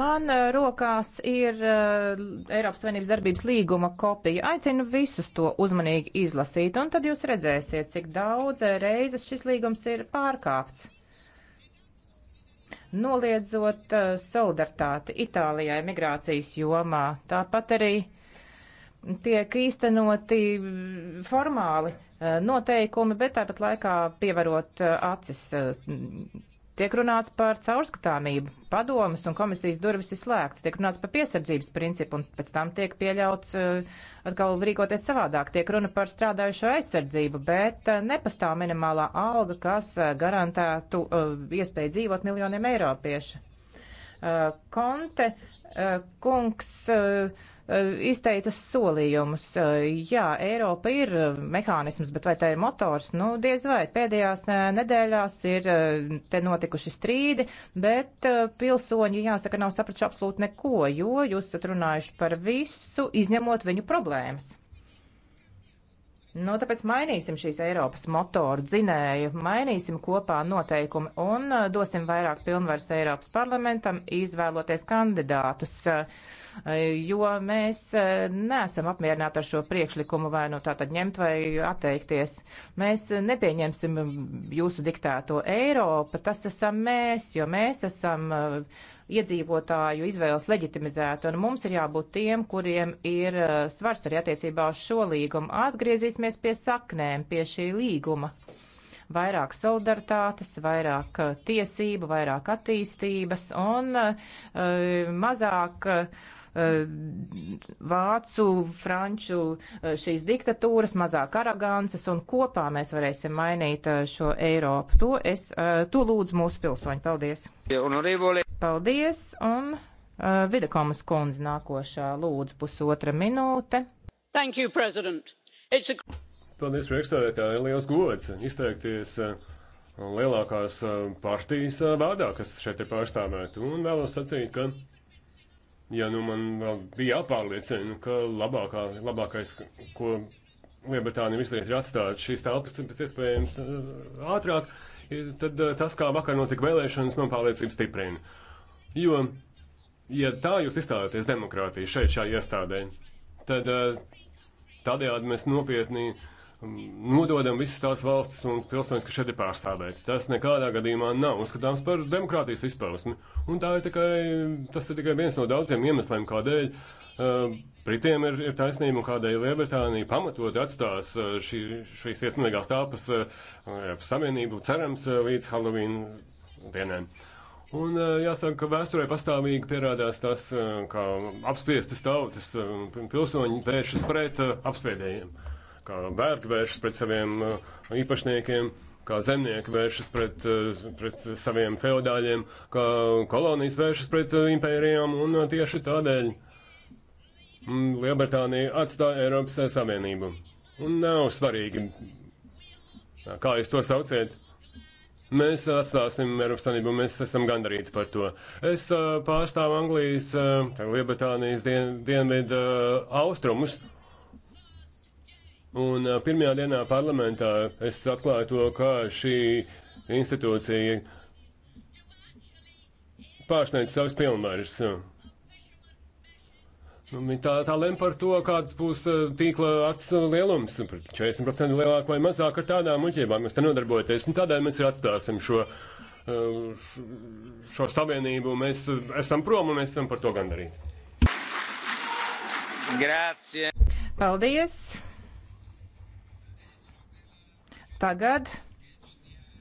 C: Man eh, rokās ir eh, Eiropas Savienības darbības līguma kopija. Aicinu visus to uzmanīgi izlasīt, un tad jūs redzēsiet, cik daudz eh, reizes šis līgums ir pārkāpts. Noliedzot solidaritāti Itālijai migrācijas jomā, tāpat arī tiek īstenoti formāli noteikumi, bet tāpat laikā pievarot uh, acis. Uh, tiek runāts par caurskatāmību, padomas un komisijas durvis ir slēgts, tiek runāts par piesardzības principu un pēc tam tiek pieļauts uh, atkal rīkoties savādāk. Tiek runa par strādājušo aizsardzību, bet nepastāv minimālā alga, kas garantētu iespēju dzīvot miljoniem eiropiešu. Konte kungs Eh, izteica solījumus. Eh, jā, Eiropa ir eh, mehānisms, bet vai tā ir motors? Nu, diez vai. Pēdējās nedēļās ir te notikuši strīdi, bet pilsoņi, jāsaka, nav sapratuši absolūti neko, jo jūs esat runājuši par visu, izņemot viņu problēmas. Nu, tāpēc mainīsim šīs Eiropas motoru dzinēju, mainīsim kopā noteikumi un dosim vairāk pilnvaras Eiropas parlamentam, izvēloties kandidātus. Uh, jo mēs e, neesam apmierināti ar šo priekšlikumu vai nu tātad ņemt vai atteikties. Mēs nepieņemsim jūsu diktēto Eiropu, tas esam mēs, jo mēs esam e, iedzīvotāju izvēles leģitimizēti, un mums ir jābūt tiem, kuriem ir e, svars arī attiecībā uz šo līgumu. Atgriezīsimies pie saknēm, pie šī līguma vairāk solidaritātes, vairāk tiesību, vairāk attīstības un uh, mazāk uh, Eh, vācu, franču eh, šīs diktatūras, mazāk aragances un kopā mēs varēsim mainīt eh, šo Eiropu. To, es, to lūdzu mūsu pilsoņi. Paldies! Paldies! Un Vidakomas kundze nākošā lūdzu pusotra minūte.
D: Thank you, President. It's a... Paldies, priekšstādētāji, liels gods izteikties lielākās partijas vārdā, kas šeit ir pārstāvēta. Un vēlos sacīt, ka ja nu man vēl bija jāpārliecina, ka labākā, labākais, ko Lielbritānija izdarīja, ir atstāt šīs telpas pēc iespējams ātrāk, tad tas, kā vakar notika vēlēšanas, man pārliecību stiprina. Jo, ja tā jūs izstājoties demokrātiju šeit, šajā iestādē, tad tādējādi mēs nopietni uh, nododam visas tās valstis un pilsoņus, kas šeit ir pārstāvēti. Tas nekādā gadījumā nav uzskatāms par demokrātijas izpausmi. Un tā ir tikai, tas ir tikai viens no daudziem iemesliem, kādēļ uh, Britiem ir, ir taisnība un kādēļ Lielbritānija pamatot atstās uh, šī, šīs iesmīgās tāpas uh, Eiropas Savienību, cerams, uh, līdz Halloween dienām. Un uh, jāsaka, ka vēsturē pastāvīgi pierādās tas, uh, ka apspiestas tautas uh, pilsoņi pēršas pret uh, apspiedējiem kā bērgi vēršas pret saviem uh, īpašniekiem, kā zemnieki vēršas pret, uh, pret saviem feodāļiem, kā kolonijas vēršas pret uh, impērijām, un tieši tādēļ mm, Lielbritānija atstāja Eiropas Savienību. Un nav svarīgi, kā jūs to sauciet. Mēs atstāsim Eiropas Savienību, mēs esam gandarīti par to. Es uh, pārstāvu Anglijas, uh, Lielbritānijas dien, dienvidu uh, austrumus, Un pirmajā dienā parlamentā es atklāju to, kā šī institūcija pārsniedz savus pilnvarus. Nu, tā, tā lem par to, kāds būs tīkla acu lielums. 40% lielāk vai mazāk ar tādām muļķībām mēs te nodarbojamies. Tādēļ mēs arī atstāsim šo, šo savienību. Mēs esam prom un mēs esam par to gandarīti. Grācie!
C: Paldies! Tagad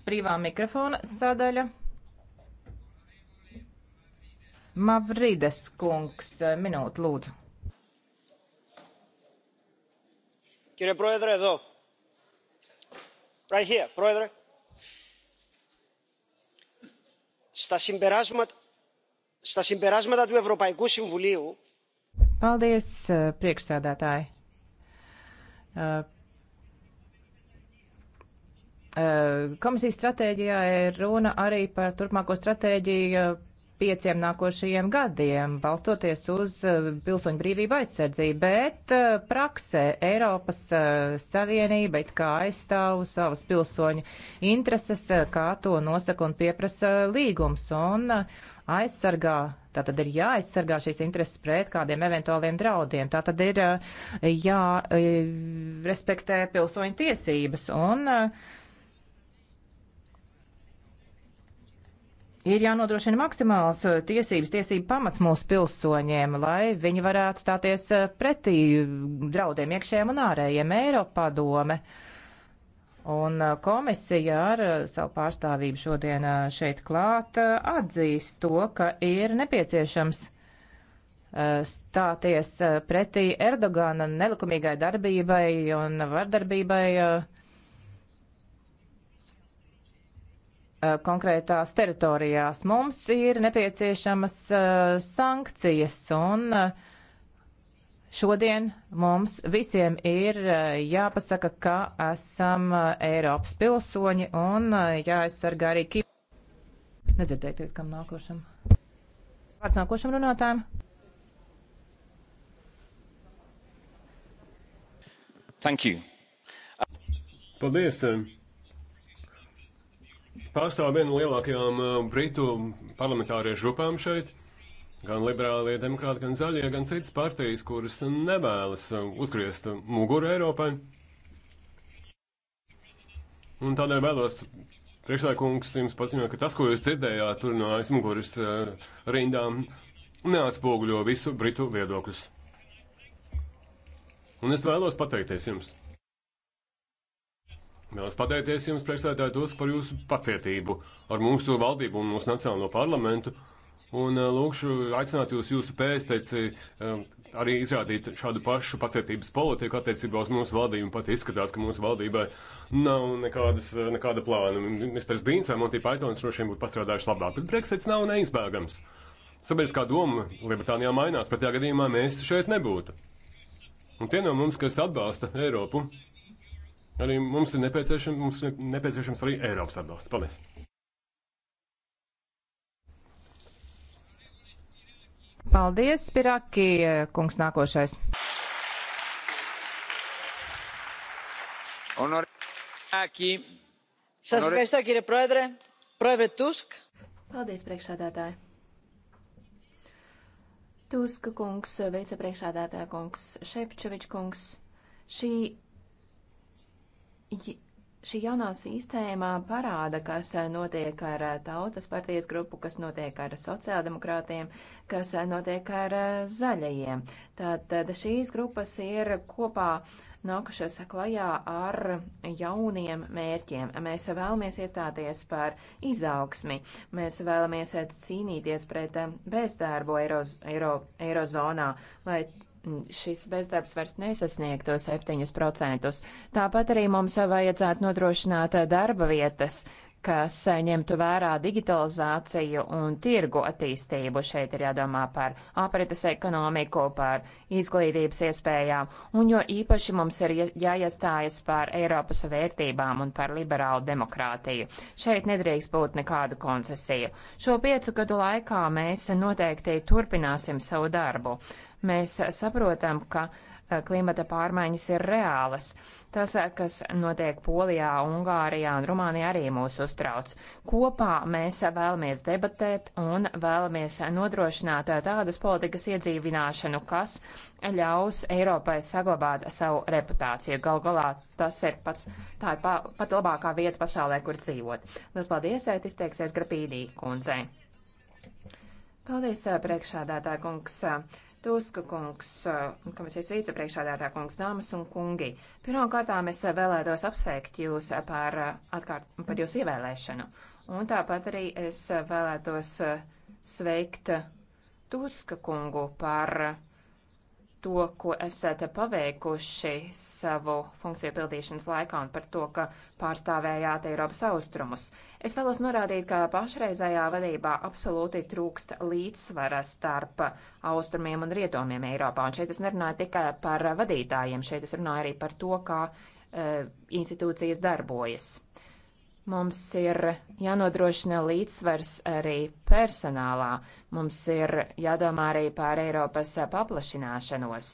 C: brīvā mikrofona sadaļa. Mavrides kungs, minūte lūdzu.
A: Κύριε Πρόεδρε, εδώ. Right here, Πρόεδρε. Στα συμπεράσματα, στα συμπεράσματα του Ευρωπαϊκού Συμβουλίου.
C: Paldies, priekšsēdētāji. Eh, komisijas stratēģijā ir runa arī par turpmāko stratēģiju eh, pieciem nākošajiem gadiem, balstoties uz eh, pilsoņu brīvību aizsardzību, bet praksē Eiropas Savienība it kā aizstāv savas pilsoņu intereses, kā to nosaka un pieprasa līgums, un aizsargā Tātad ir jāaizsargā šīs intereses pret kādiem eventuāliem draudiem. Tātad ir jārespektē pilsoņu tiesības. Un ir jānodrošina maksimāls eh, tiesības, tiesību pamats mūsu pilsoņiem, lai viņi varētu stāties eh, pretī draudiem iekšējiem un ārējiem Eiropadome. Un eh, komisija ar savu pārstāvību šodien šeit klāt atzīst to, ka ir nepieciešams stāties pretī Erdogana nelikumīgai darbībai un vardarbībai Uh, konkrētās teritorijās. Mums ir nepieciešamas uh, sankcijas un uh, šodien mums visiem ir jāpasaka, ka esam Eiropas pilsoņi un jāaizsargā arī Kipra. Nedzirdēju, tagad kam nākošam. Vārds nākošam runātājam.
D: Thank you. Paldies. Eh, pārstāv vienu no lielākajām uh, britu parlamentāriešu grupām šeit. Gan liberālie demokrāti, gan zaļie, gan citas partijas, kuras nevēlas uh, uzgriezt muguru Eiropai. Un tādēļ vēlos priekšlaikungs jums paziņot, ka tas, ko jūs dzirdējāt, tur no aiz muguras uh, rindām, neatspoguļo visu britu viedokļus. Un es vēlos pateikties jums. Vēlos pateikties jums, priekšstādātāji, tos par jūsu pacietību ar mūsu valdību un mūsu nacionālo parlamentu. Un eh, lūkšu aicināt jūs, jūsu pēcteci, eh, arī izrādīt šādu pašu pacietības politiku attiecībā uz mūsu valdību. Pat izskatās, ka mūsu valdībai nav nekādas, eh, nekāda plāna. Mr. Bīns vai Monty Pythons droši vien būtu pastrādājuši labāk, bet Brexits nav neizbēgams. Sabiedriskā doma Lielbritānijā mainās, pretējā gadījumā mēs šeit nebūtu. Un tie no mums, kas atbalsta Eiropu, Arī mums ir nepieciešams, mums ir nepieciešams arī Eiropas atbalsts. Paldies!
C: Paldies, Spiraki, kungs nākošais.
A: Honor...
B: Σας ευχαριστώ κύριε Πρόεδρε. Πρόεδρε Τούσκ.
E: Paldies, priekšsādātāji. Tuska kungs, vicepriekšādātāja kungs, Šefčovič kungs. Šī šī jaunā sistēmā parāda, kas eh, notiek ar eh, tautas partijas grupu, kas notiek ar sociāldemokrātiem, kas eh, notiek ar zaļajiem. Tātad šīs grupas ir kopā nākušas klajā ar jauniem mērķiem. Mēs vēlamies iestāties par izaugsmi, mēs vēlamies cīnīties pret bezdarbu Eiro, Eiro, Eirozonā, lai Mm, šis bezdarbs vairs nesasniegtu 7%. Tāpat arī mums vajadzētu nodrošināt darba vietas, kas ņemtu vērā digitalizāciju un tirgu attīstību. Šeit ir jādomā par apretes ekonomiku, par izglītības iespējām, un jo īpaši mums ir jāiestājas par Eiropas vērtībām un par liberālu demokrātiju. Šeit nedrīkst būt nekādu koncesiju. Šo piecu gadu laikā mēs noteikti turpināsim savu darbu. Mēs saprotam, ka eh, klimata pārmaiņas ir reālas. Tas, eh, kas notiek Polijā, Ungārijā un Rumānijā, arī mūs uztrauc. Kopā mēs vēlamies debatēt un vēlamies nodrošināt eh, tādas politikas iedzīvināšanu, kas ļaus Eiropai saglabāt savu reputāciju. Gal galā tas ir pats, tā ir pa, pat labākā vieta pasaulē, kur dzīvot. Lielas paldies, ēt izteiksies Grapīdī kundzei. Paldies, priekšādātā kungs. Tuska kungs, eh, komisijas vicepriekšādātā kungs, dāmas un kungi. Pirmkārtām es vēlētos apsveikt jūs par, eh, atkārt, par jūsu ievēlēšanu. Un tāpat arī es vēlētos eh, sveikt Tuska kungu par to, ko esat paveikuši savu funkciju pildīšanas laikā un par to, ka pārstāvējāt Eiropas austrumus. Es vēlos norādīt, ka pašreizējā vadībā absolūti trūkst līdzsvara starp austrumiem un rietumiem Eiropā. Un šeit es nerunāju tikai par vadītājiem, šeit es runāju arī par to, kā e, institūcijas darbojas. Mums ir jānodrošina līdzsvars arī personālā, mums ir jādomā arī par Eiropas paplašināšanos,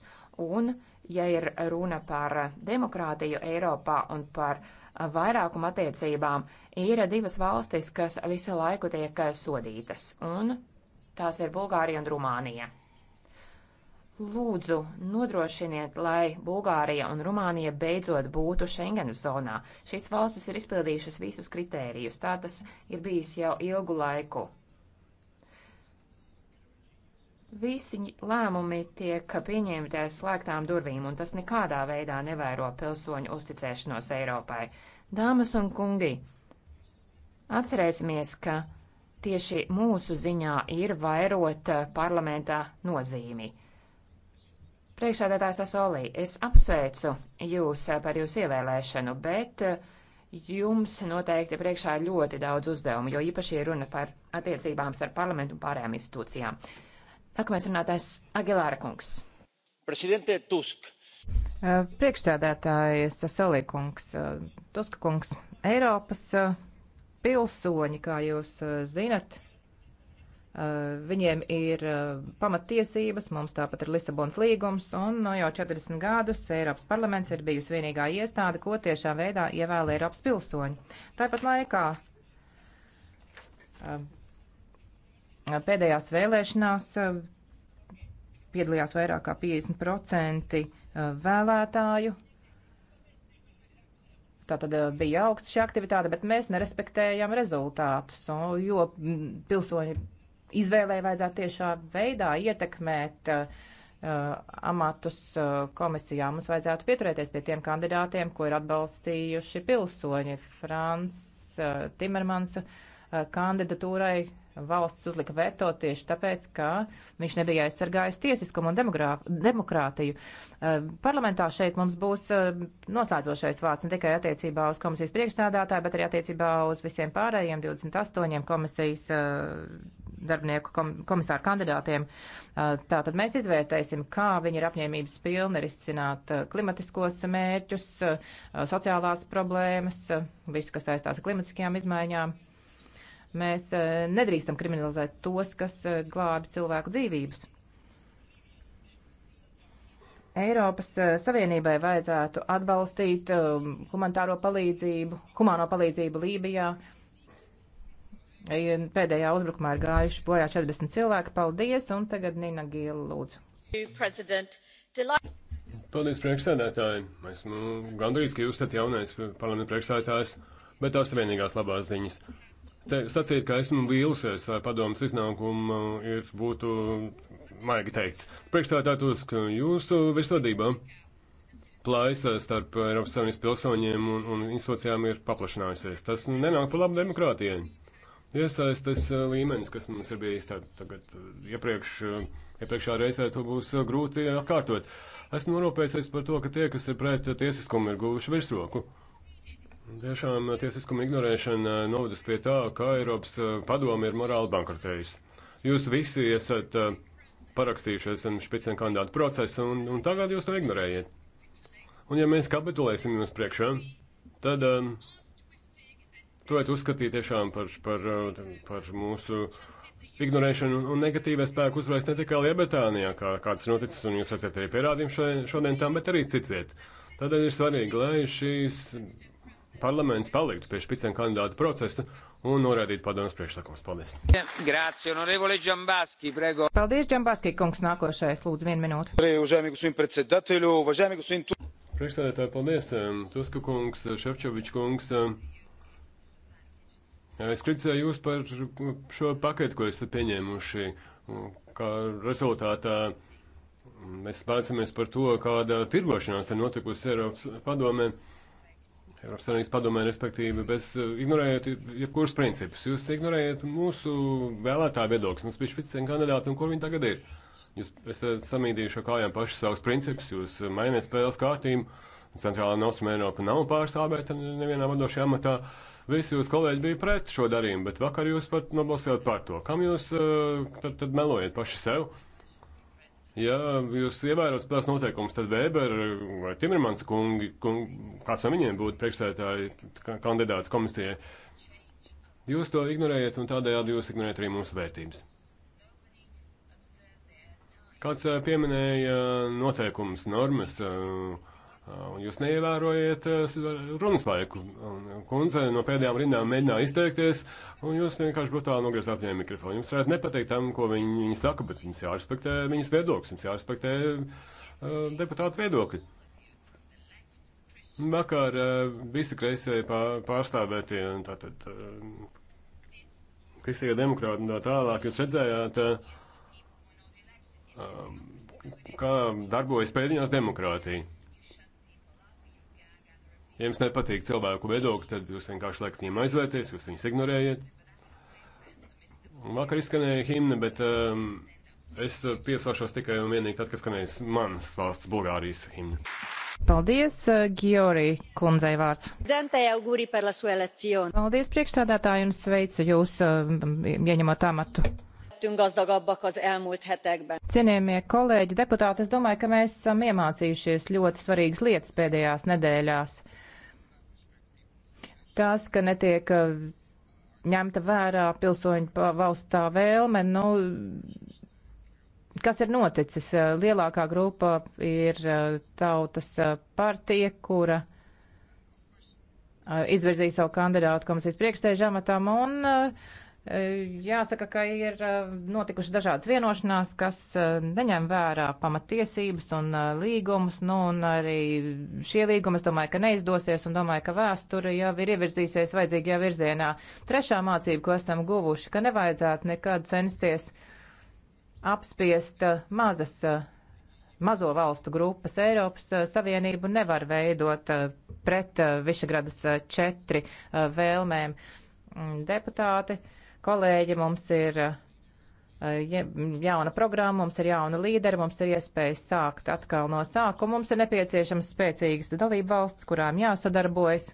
E: un, ja ir runa par demokrātiju Eiropā un par vairākuma attiecībām, ir divas valstis, kas visu laiku tiek sodītas, un tās ir Bulgārija un Rumānija. Lūdzu, nodrošiniet, lai Bulgārija un Rumānija beidzot būtu Schengenas zonā. Šīs valstis ir izpildījušas visus kritērijus, tā tas ir bijis jau ilgu laiku. Visi lēmumi tiek pieņemti aiz slēgtām durvīm, un tas nekādā veidā nevairo pilsoņu uzticēšanos Eiropai. Dāmas un kungi, atcerēsimies, ka tieši mūsu ziņā ir vairot eh, parlamentā nozīmi. Priekšādātājs Asolī, es apsveicu jūs par jūsu ievēlēšanu, bet eh, jums noteikti priekšā ir ļoti daudz uzdevumu, jo īpaši ir runa par attiecībām starp parlamentu un pārējām institūcijām. Nākamais runātājs Agilāra kungs. Presidente Tusk.
C: Eh, priekšsēdētāji Sasolī kungs, eh, Tuska kungs, Eiropas pilsoņi, kā jūs zinat, Eh, viņiem ir eh, pamatiesības, mums tāpat ir Lisabons līgums, un no nu, jau 40 gadus Eiropas parlaments ir bijusi vienīgā iestāde, ko tiešā veidā ievēlē Eiropas pilsoņi. Tāpat laikā eh, pēdējās vēlēšanās piedalījās vairāk kā 50% vēlētāju. Tātad bija augsta šī aktivitāte, bet mēs nerespektējām rezultātus, jo mm, pilsoņi izvēlē vajadzētu tiešā veidā ietekmēt uh, amatus uh, komisijā. Mums vajadzētu pieturēties pie tiem kandidātiem, ko ir atbalstījuši pilsoņi. Frans uh, Timermans uh, kandidatūrai valsts uzlika veto tieši tāpēc, ka viņš nebija aizsargājis tiesiskumu un demokrātiju. Uh, parlamentā šeit mums būs uh, noslēdzošais vārds ne tikai attiecībā uz komisijas priekšstādātāju, bet arī attiecībā uz visiem pārējiem 28 komisijas uh, darbinieku komisāru kandidātiem. Tātad mēs izvērtēsim, kā viņi ir apņēmības pilni risināt klimatiskos mērķus, sociālās problēmas, visu, kas saistās ar klimatiskajām izmaiņām. Mēs nedrīkstam kriminalizēt tos, kas glābi cilvēku dzīvības. Eiropas Savienībai vajadzētu atbalstīt humanitāro palīdzību, humāno palīdzību Lībijā. Uh, Pēdējā uzbrukumā ir gājuši bojā 40 cilvēki. Paldies, un tagad Nina Gīla lūdzu.
D: Paldies, priekšsēdētāji. Esmu gandrīz, ka jūs esat jaunais parlamenta priekšsēdētājs, bet tās ir vienīgās labās ziņas. Te sacīt, ka esmu vīlusies, lai padomas iznākumu ir būtu maigi teikts. Priekšstādā Tusk, jūsu visvadībā plaisa starp Eiropas Savienības pilsoņiem un, un institūcijām ir paplašinājusies. Tas nenāk par labu demokrātijai iesaistes eh, līmenis, kas mums ir bijis tad, tagad eh, iepriekš, eh, iepriekšā reizē, to būs grūti atkārtot. Esmu norūpējies par to, ka tie, kas ir pret tiesiskumu, ir guvuši virsroku. Tiešām tiesiskuma ignorēšana novadus pie tā, ka Eiropas padomi ir morāli bankrotējusi. Jūs visi esat parakstījušies špicēm kandidātu procesu, un, un tagad jūs to ignorējat. Un ja mēs kapitulēsim jums priekšā, tad um, turētu uzskatīt tiešām par, par, par mūsu ignorēšanu un negatīvie spēku uzvarēs ne tikai Lielbritānijā, kā kāds noticis, un jūs esat arī pierādījumi šodien, šodien tam, bet arī citviet. Tādēļ ir svarīgi, lai šīs parlaments paliktu pie špicēm kandidātu procesa un norādītu padomus priekšlikumus. Paldies!
C: Grācija, honorevole
D: Džambaski,
C: prego! Paldies, Džambaski, kungs, nākošais, lūdzu, vienu minūtu.
D: Priekšsēdētāji, paldies! Tuska kungs, Šefčovičs kungs. Um, Es kritizēju jūs par šo paketu, ko esat pieņēmuši, kā rezultātā mēs spēcamies par to, kāda tirgošanās ir notikusi Eiropas padomē. Eiropas Savienības padomē, respektīvi, bez ignorējot jebkurus principus. Jūs ignorējat mūsu vēlētāju viedokli, mums bija špicēni kandidāti, un kur viņi tagad ir? Jūs esat samīdījuši kājām pašus savus principus, jūs mainiet spēles kārtību, centrālā Nostrum Eiropa nav pārstāvēta nevienā vadošajā amatā. Uh, Visi jūs kolēģi bija pret šo darījumu, bet vakar jūs pat nobalsojāt par to. Kam jūs eh, tad, tad melojat paši sev? Ja jūs ievērot tās noteikumus, tad Weber vai Timermans kungi, kungi, kāds no viņiem būtu priekšsētāji kandidāts komisijai, jūs to ignorējat un tādējādi jūs ignorējat arī mūsu vērtības. Kāds eh, pieminēja noteikumus, normas, uh, Un jūs neievērojat eh, runas laiku. Kundze no pēdējām rindām mēģināja izteikties, un jūs vienkārši brutāli nogriezāt viņai mikrofonu. Jums varētu nepateikt tam, ko viņi, viņi saka, bet jums jārespektē viņas viedoklis, jums jārespektē uh, deputātu viedokļi. Vakar uh, visi kreisie pār, pārstāvētie, tātad uh, kristīgie demokrāti un tā tālāk, jūs redzējāt, uh, kā darbojas pēdiņās demokrātija. Ja jums nepatīk cilvēku viedokļi, tad jūs vienkārši liekat viņiem aizvērties, jūs viņus ignorējat. Vakar izskanēja himna, bet um, es pieslēšos tikai un vienīgi tad, kad skanēs manas valsts Bulgārijas himna.
C: Paldies, uh, Giori kundzei vārds.
D: Paldies,
C: priekšsādātāji, un sveicu jūs, um, ieņemot amatu lettünk
A: gazdagabbak az elmúlt hetekben.
C: Cienījamie kolēģi, deputāti, es domāju, ka mēs esam iemācījušies ļoti svarīgas lietas pēdējās nedēļās tas, ka netiek uh, ņemta vērā pilsoņu paustā vēlme, nu, kas ir noticis? Uh, lielākā grupa ir uh, tautas partija, kura izvirzīja savu kandidātu komisijas priekšsēžamatam un uh, E, jāsaka, ka ir e, notikušas dažādas vienošanās, kas e, neņem vērā pamatiesības un līgumus, nu un arī šie līgumi, es domāju, ka neizdosies un domāju, ka vēsture jau ir ievirzīsies vajadzīgajā virzienā. Trešā mācība, ko esam guvuši, ka nevajadzētu nekad censties apspiest mazas, mazo valstu grupas. Eiropas Savienību nevar veidot pret Višagradas četri vēlmēm mm, deputāti kolēģi, mums ir eh, jauna programma, mums ir jauna līdera, mums ir iespēja sākt atkal no sākuma, mums ir nepieciešams spēcīgas dalība valsts, kurām jāsadarbojas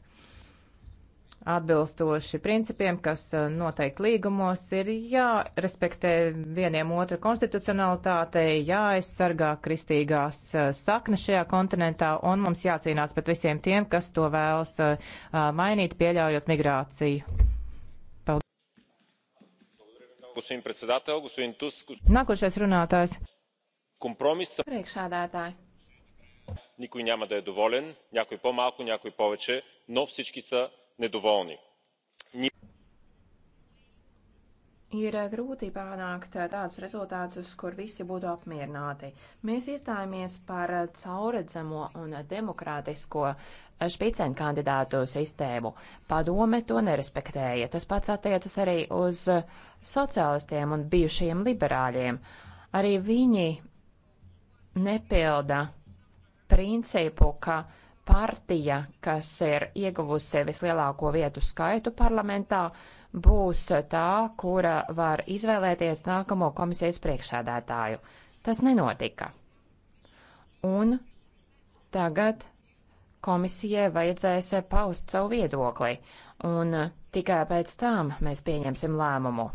C: atbilstoši principiem, kas eh, noteikti līgumos ir jārespektē vieniem otru konstitucionalitātei, jāaizsargā kristīgās eh, saknes šajā kontinentā, un mums jācīnās pret visiem tiem, kas to vēlas mainīt, pieļaujot migrāciju
D: господин председател, господин Туск.
C: Nākošais runātājs.
D: Компромис.
E: Priekšādātāji.
D: Никой няма да е доволен, някой по-малко, някой повече, но всички са недоволни
E: ir eh, grūti panākt eh, tādus rezultātus, kur visi būtu apmierināti. Mēs iestājāmies par eh, cauredzamo un demokrātisko špicēnu kandidātu sistēmu. Padome to nerespektēja. Tas pats attiecas arī uz sociālistiem un bijušajiem liberāļiem. Arī viņi nepilda principu, ka partija, kas ir ieguvusi vislielāko vietu skaitu parlamentā, uh, būs tā, kura var izvēlēties nākamo komisijas priekšsēdētāju. Tas nenotika. Un tagad komisijai vajadzēs paust savu viedokli, un tikai pēc tam mēs pieņemsim lēmumu.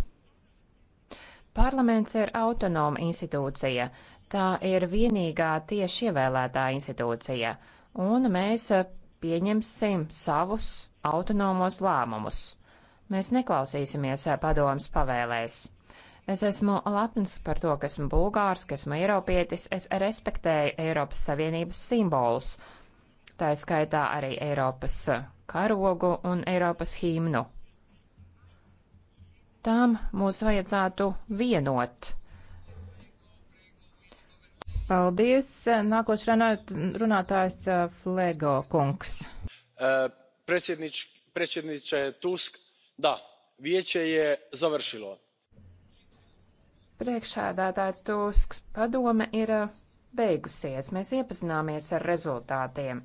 E: Parlaments ir autonoma institūcija, tā ir vienīgā tieši ievēlētā institūcija, un mēs pieņemsim savus autonomos lēmumus. Mēs neklausīsimies padomas pavēlēs. Es esmu lepns par to, ka esmu bulgārs, ka esmu eiropietis, es respektēju Eiropas Savienības simbolus, tā skaitā arī Eiropas karogu un Eiropas
C: himnu. Tām mūs vajadzētu vienot. Paldies. Nākošais runāt, runātājs Flego kungs. Uh, Predsjedniče
D: Tusk, da vijeće je završilo.
E: Priekšsēdētāja Tusks padome ir eh, beigusies. Mēs iepazināmies ar rezultātiem.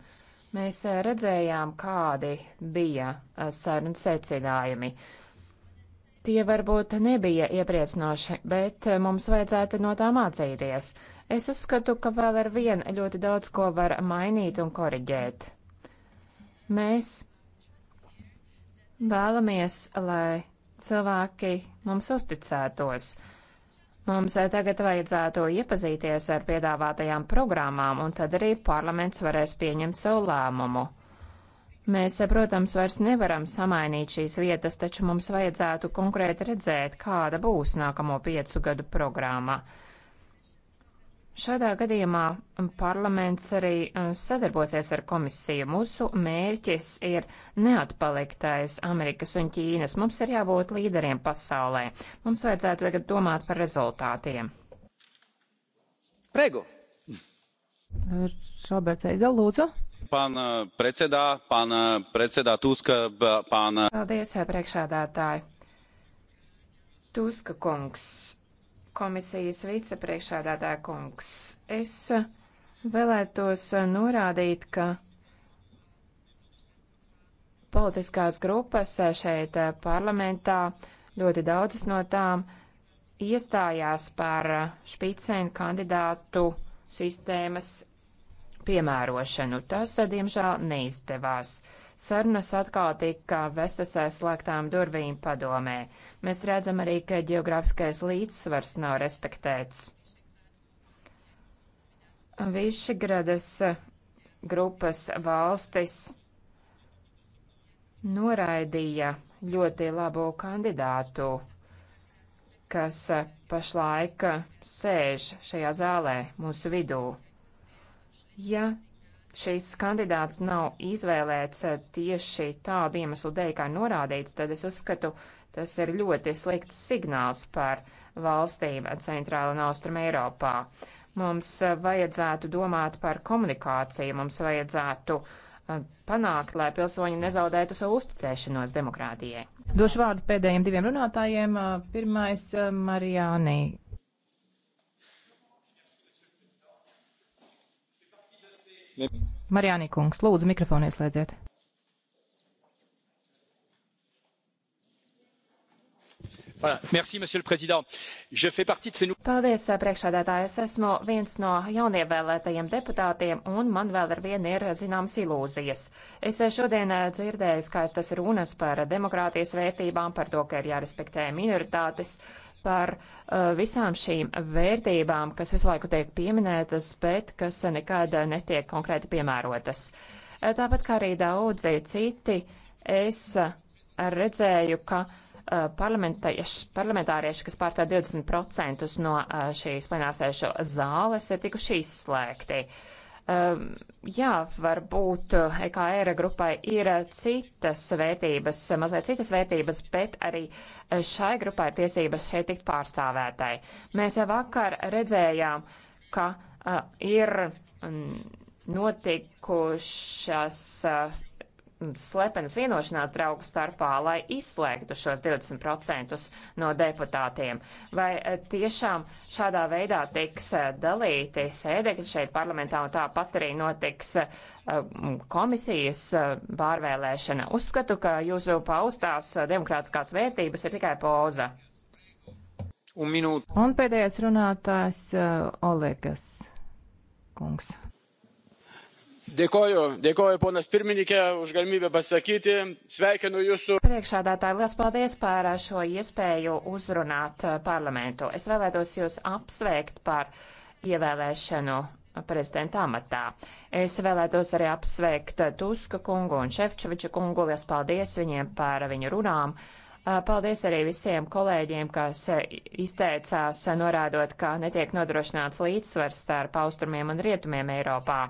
E: Mēs eh, redzējām, kādi bija eh, sarunu secinājumi. Tie varbūt nebija iepriecinoši, bet mums vajadzētu no tā mācīties. Es uzskatu, ka vēl ar vienu ļoti daudz ko var mainīt un koriģēt. Mēs Vēlamies, lai cilvēki mums uzticētos. Mums eh, tagad vajadzētu iepazīties ar piedāvātajām programmām, un tad arī parlaments varēs pieņemt savu lēmumu. Mēs, eh, protams, vairs nevaram samainīt šīs vietas, taču mums vajadzētu konkrēti redzēt, kāda būs nākamo piecu gadu programma. Šādā gadījumā parlaments arī eh, sadarbosies ar komisiju. Mūsu mērķis ir neatpaliktais Amerikas un Ķīnas. Mums ir jābūt līderiem pasaulē. Mums vajadzētu tagad domāt par rezultātiem.
C: Prego! Roberts Eizel, lūdzu.
A: Pana eh, precedā, pana eh, precedā Tuska, pana.
E: Paldies, priekšādātāji. Tuska kungs komisijas vicepriekšādātāja kungs. Es vēlētos norādīt, ka politiskās grupas šeit parlamentā, ļoti daudzas no tām iestājās par špicēnu kandidātu sistēmas piemērošanu. Tas, diemžēl, neizdevās. Sarunas atkal tika vestas aizslēgtām durvīm padomē. Mēs redzam arī, ka geogrāfiskais līdzsvars nav respektēts. Višegradas grupas valstis noraidīja ļoti labo kandidātu, kas pašlaik sēž šajā zālē mūsu vidū. Ja šīs kandidāts nav izvēlēts eh, tieši tādu iemeslu dēļ, kā norādīts, tad es uzskatu, tas ir ļoti slikts signāls par valstīm Centrāla un Austrum Eiropā. Mums eh, vajadzētu domāt par komunikāciju, mums vajadzētu eh, panākt, lai pilsoņi nezaudētu savu uzticēšanos demokrātijai.
C: Došu vārdu pēdējiem diviem runātājiem. Pirmais Marijānī Marjānī kungs, lūdzu, mikrofonu ieslēdziet.
E: Paldies, eh, priekšādātāji. Es esmu viens no jaunievēlētajiem deputātiem, un man vēl ar vienu ir eh, zināmas ilūzijas. Es eh, šodien dzirdēju skaistas runas par demokrātijas vērtībām, par to, ka ir jārespektē minoritātes, par uh, visām šīm vērtībām, kas visu laiku tiek pieminētas, bet kas nekad netiek konkrēti piemērotas. Uh, tāpat kā arī daudzi citi, es uh, redzēju, ka uh, parlamentārieši, kas pārstāv 20% no šīs plenārsēšu zāles, ir tikuši izslēgti. Uh, Ehm, jā, varbūt EKR eh, e grupai ir citas vērtības, mazliet citas vērtības, bet arī eh, šai grupai ir tiesības šeit tikt pārstāvētai. Mēs vakar redzējām, ka eh, ir mm, notikušas slepenas vienošanās draugu starpā, lai izslēgtu šos 20% no deputātiem? Vai e, tiešām šādā veidā tiks e, dalīti sēdekļi šeit parlamentā un tāpat arī notiks e, komisijas pārvēlēšana? Uzskatu, ka jūsu paustās demokrātiskās vērtības ir tikai poza. Un, minūte.
C: un pēdējais runātājs uh, Olegas kungs
D: dėkoju ponas pirmininke už galimybę pasisakyti sveikinu jus su.
E: priekšsēdētāji liels paldies par šo iespēju uzrunāt parlamentu. Es vēlētos jūs apsveikt par ievēlēšanu prezidenta amatā. Es vēlētos arī apsveikt Tuska kungu un Šefčoviča kungu. Liels paldies viņiem par viņu runām. Paldies arī visiem kolēģiem, kas izteicās norādot, ka netiek nodrošināts līdzsvars starp austrumiem un rietumiem Eiropā.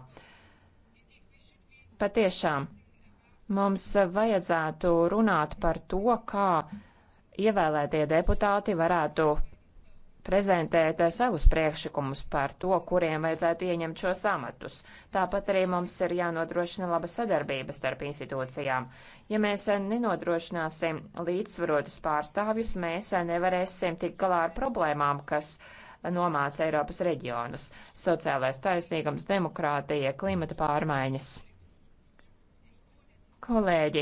E: Patiešām mums vajadzētu runāt par to, kā ievēlētie deputāti varētu prezentēt savus priekšlikumus par to, kuriem vajadzētu ieņemt šos amatus. Tāpat arī mums ir jānodrošina laba sadarbība starp institūcijām. Ja mēs nenodrošināsim līdzsvarotus pārstāvjus, mēs nevarēsim tikt galā ar problēmām, kas nomāca Eiropas reģionus - sociālais taisnīgums, demokrātija, klimata pārmaiņas. Kolēģi,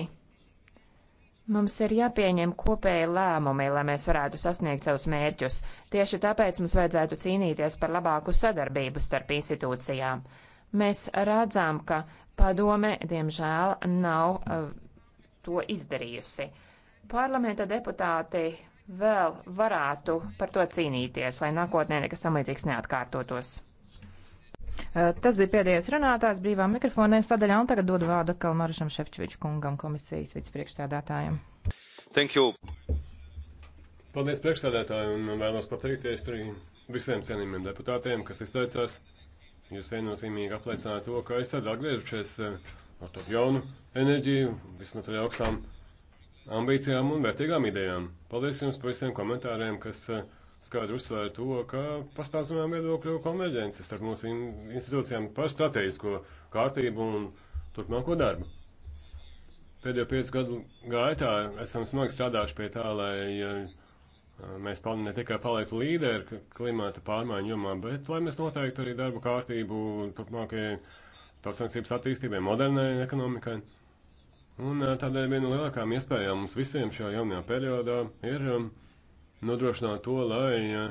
E: mums ir jāpieņem kopēji lēmumi, lai mēs varētu sasniegt savus mērķus. Tieši tāpēc mums vajadzētu cīnīties par labāku sadarbību starp institūcijām. Mēs redzam, ka padome, diemžēl, nav uh, to izdarījusi. Parlamenta deputāti vēl varētu par to cīnīties, lai
C: nākotnē nekas samlīdzīgs neatkārtotos. Eh, tas bija pēdējais runātājs brīvā mikrofonē sadaļā, un tagad dodu vārdu atkal Marušam Šefčoviču kungam, komisijas vicepriekšsēdētājiem.
D: Thank you! Paldies priekšsēdētāji, un vēlos pateikties arī visiem cienījumiem deputātiem, kas izteicās. Jūs viennozīmīgi apliecināt to, ka esat atgriezušies eh, ar to jaunu enerģiju, visnotaļ augstām ambīcijām un vērtīgām idejām. Paldies jums par visiem komentāriem, kas uh, skaidri uzsvēra to, ka pastāv zemēm viedokļu konverģences starp mūsu institūcijām par strateģisko kārtību un turpmāko darbu. Pēdējo piecu gadu gaitā esam smagi strādājuši pie tā, lai eh, mēs ne tikai paliktu līderi klimata pārmaiņu jomā, bet lai mēs noteiktu arī darbu kārtību turpmākajai tautsvensības attīstībai, modernai ekonomikai. Un eh, tādēļ viena no lielākām iespējām mums visiem šajā jaunajā periodā ir um, nodrošināt to, lai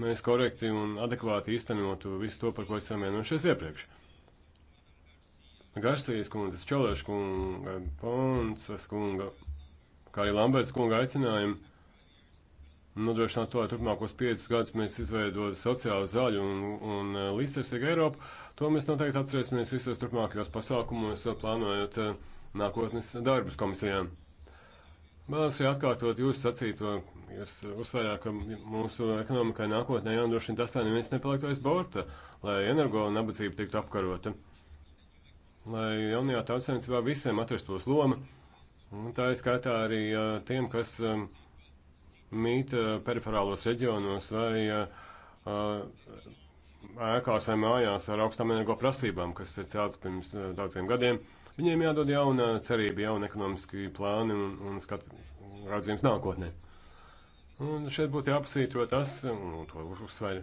D: mēs korekti un adekvāti īstenotu visu to, par ko esam vienojušies iepriekš. Garsijas kundas, Čolēša kunga, Ponsas kunga, kā arī Lamberts kunga aicinājumu nodrošināt to, lai turpmākos piecus gadus mēs izveidotu sociāli zaļu un, un e, līdzsvarsīgu Eiropu, to mēs noteikti atcerēsimies visos turpmākajos pasākumos, e, plānojot e, nākotnes darbus komisijām. Vēlos arī atkārtot jūsu sacīto. Jūs uzsvērāt, ka mūsu ekonomikai nākotnē jānodrošina tas, lai neviens nepaliek aiz borta, lai energo un nabadzība tiktu apkarota, lai jaunajā tautsēmniecībā visiem atrastos loma. Un tā ir skaitā arī tiem, kas mīt periferālos reģionos vai ēkās vai mājās ar augstām energo prasībām, kas ir celts pirms daudziem gadiem. Viņiem jādod jauna cerība, jauna ekonomiski plāni un, un skat, raudzījums nākotnē. Un šeit būtu jāpasītro tas, un to uzsver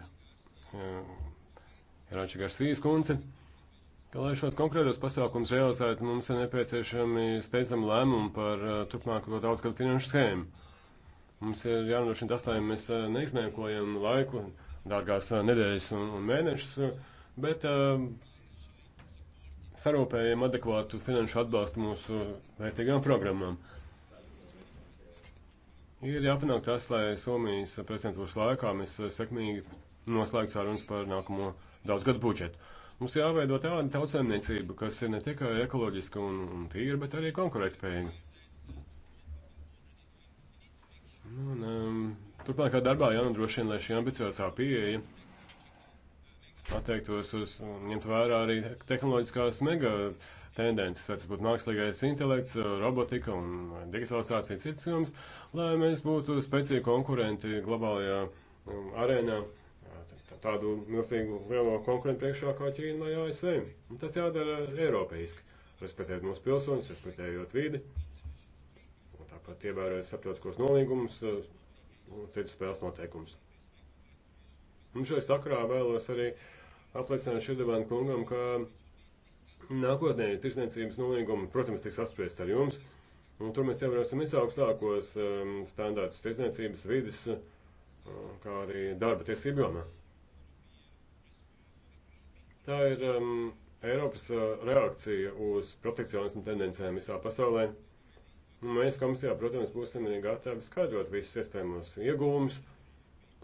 D: Rača Garcijas kundze, ka, lai šos konkrētos pasākums realizētu, mums ir nepieciešami steidzami lēmumi par turpmāko daudzgadu finanšu schēmu. Mums ir jānodrošina tas, lai mēs neizniekojam laiku, dārgās nedēļas un, un mēnešus, bet uh, sarūpējam adekvātu finanšu atbalstu mūsu vērtīgām programmām. Ir jāpanāk tas, lai Somijas prezidentūras laikā mēs sekmīgi noslēgtu sarunas par nākamo daudzgadu budžetu. Mums jāveido tāda tautsēmniecība, kas ir ne tikai ekoloģiska un, un tīra, bet arī konkurētspējīga. Nu, um, Turpmākajā darbā jānodrošina, lai šī ambiciozā pieeja attiektos uz, ņemt vērā arī tehnoloģiskās mega tendences, vai tas būtu mākslīgais intelekts, robotika un digitalizācija cits jums, lai mēs būtu spēcīgi konkurenti globālajā um, arēnā, tādu milzīgu lielo konkurentu priekšā kā Ķīna vai ASV. Un tas jādara eiropeiski, respektējot mūsu pilsoņus, respektējot vidi, un tāpat ievērojot starptautiskos nolīgumus uh, un citas spēles noteikumus. Un šai sakarā vēlos arī uh, apliecināšu Erdoganu kungam, ka nākotnē tirsniecības nolīgumi, protams, tiks apspriest ar jums. Un tur mēs ievērosim visaugstākos um, standārtus tirsniecības vidas, um, uh, kā arī darba tiesību jomā. Tā ir um, Eiropas uh, reakcija uz protekcionismu tendencēm visā pasaulē. Un mēs komisijā, protams, būsim gatavi skaidrot visus iespējamos ieguvumus,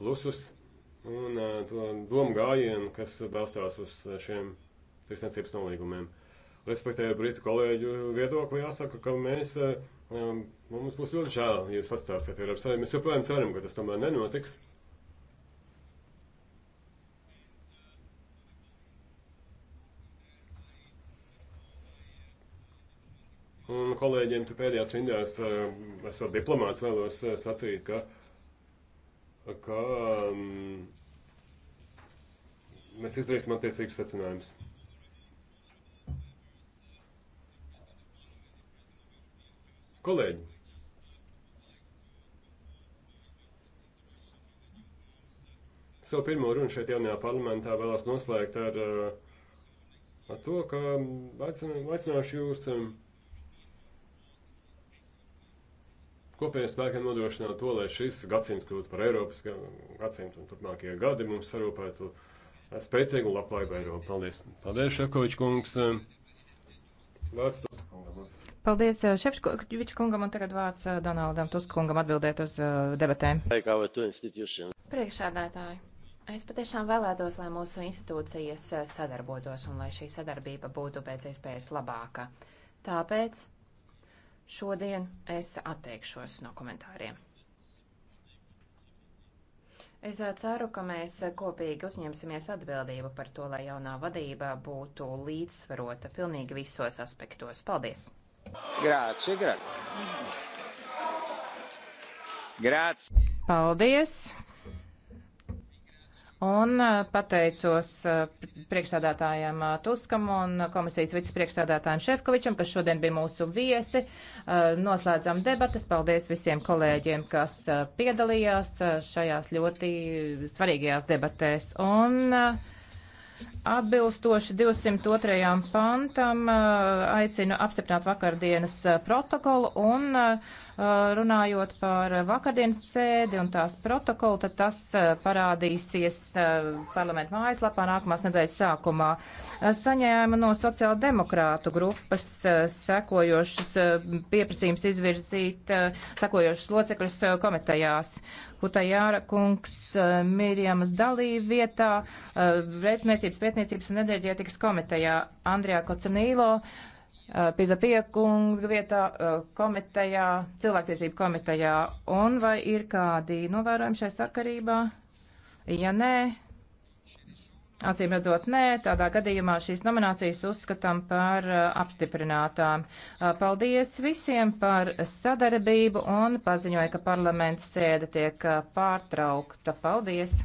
D: plusus un to domu gājienu, kas balstās uz šiem tirsniecības nolīgumiem. Respektēju britu kolēģu viedokli, jāsaka, ka mēs, mums būs ļoti žēl, ja jūs atstāsiet Eiropas Savienību. Mēs joprojām ceram, ka tas tomēr nenotiks. Un kolēģiem tu pēdējās rindās, esot diplomāts, vēlos sacīt, ka ka um, mēs izdarīsim attiecīgus secinājumus. Kolēģi, savu pirmo runu šeit jaunajā parlamentā vēlos noslēgt ar, uh, ar to, ka aicināšu jūs. Um, kopējiem spēkiem nodrošināt to, lai šis gadsimts kļūtu par Eiropas gadsimtu un turpmākie gadi mums sarūpētu spēcīgu un labklājību Eiropu. Paldies! Paldies, Šefkovičs kungs! Vārds Tuskungam.
C: Paldies, eh, Šefkovičs kungam, un tagad vārds eh, Donaldam Tuskungam atbildēt uz eh, debatēm. Priekšādātāji!
E: Es patiešām vēlētos, lai mūsu institūcijas sadarbotos un lai šī sadarbība būtu pēc iespējas labāka. Tāpēc Šodien es atteikšos no komentāriem. Es eh, ceru, ka mēs kopīgi uzņemsimies atbildību par to, lai jaunā vadība būtu līdzsvarota pilnīgi visos aspektos. Paldies!
A: Grāci, grāci! Grāci!
C: Paldies! Un eh, pateicos eh, priekšsādātājiem eh, Tuskam un komisijas vicepriekšsādātājiem Šefkovičam, kas šodien bija mūsu viesi. Noslēdzam debatas. Paldies visiem kolēģiem, kas piedalījās šajās ļoti svarīgajās debatēs. Un, Atbilstoši 202. pantam uh, aicinu apstiprināt vakardienas uh, protokolu un uh, runājot par vakardienas sēdi un tās protokolu, tad tas parādīsies parlamentu mājaslapā nākamās nedēļas sākumā. Saņēma no sociāldemokrātu grupas sekojošas pieprasījums izvirzīt sekojošas locekļus komitejās. Hutajāra kungs eh, Mirjamas dalī vietā eh, Rētniecības, Pētniecības un enerģētikas komitejā Andrijā Kocenīlo. Eh, Pizapie kunga vietā komitejā, cilvēktiesību komitejā, un vai ir kādi novērojumi šai sakarībā? Ja nē, Acīm redzot, nē, tādā gadījumā šīs nominācijas uzskatām par uh, apstiprinātām. Uh, paldies visiem par sadarbību un paziņoja, ka parlamenta sēde tiek uh, pārtraukta. Paldies!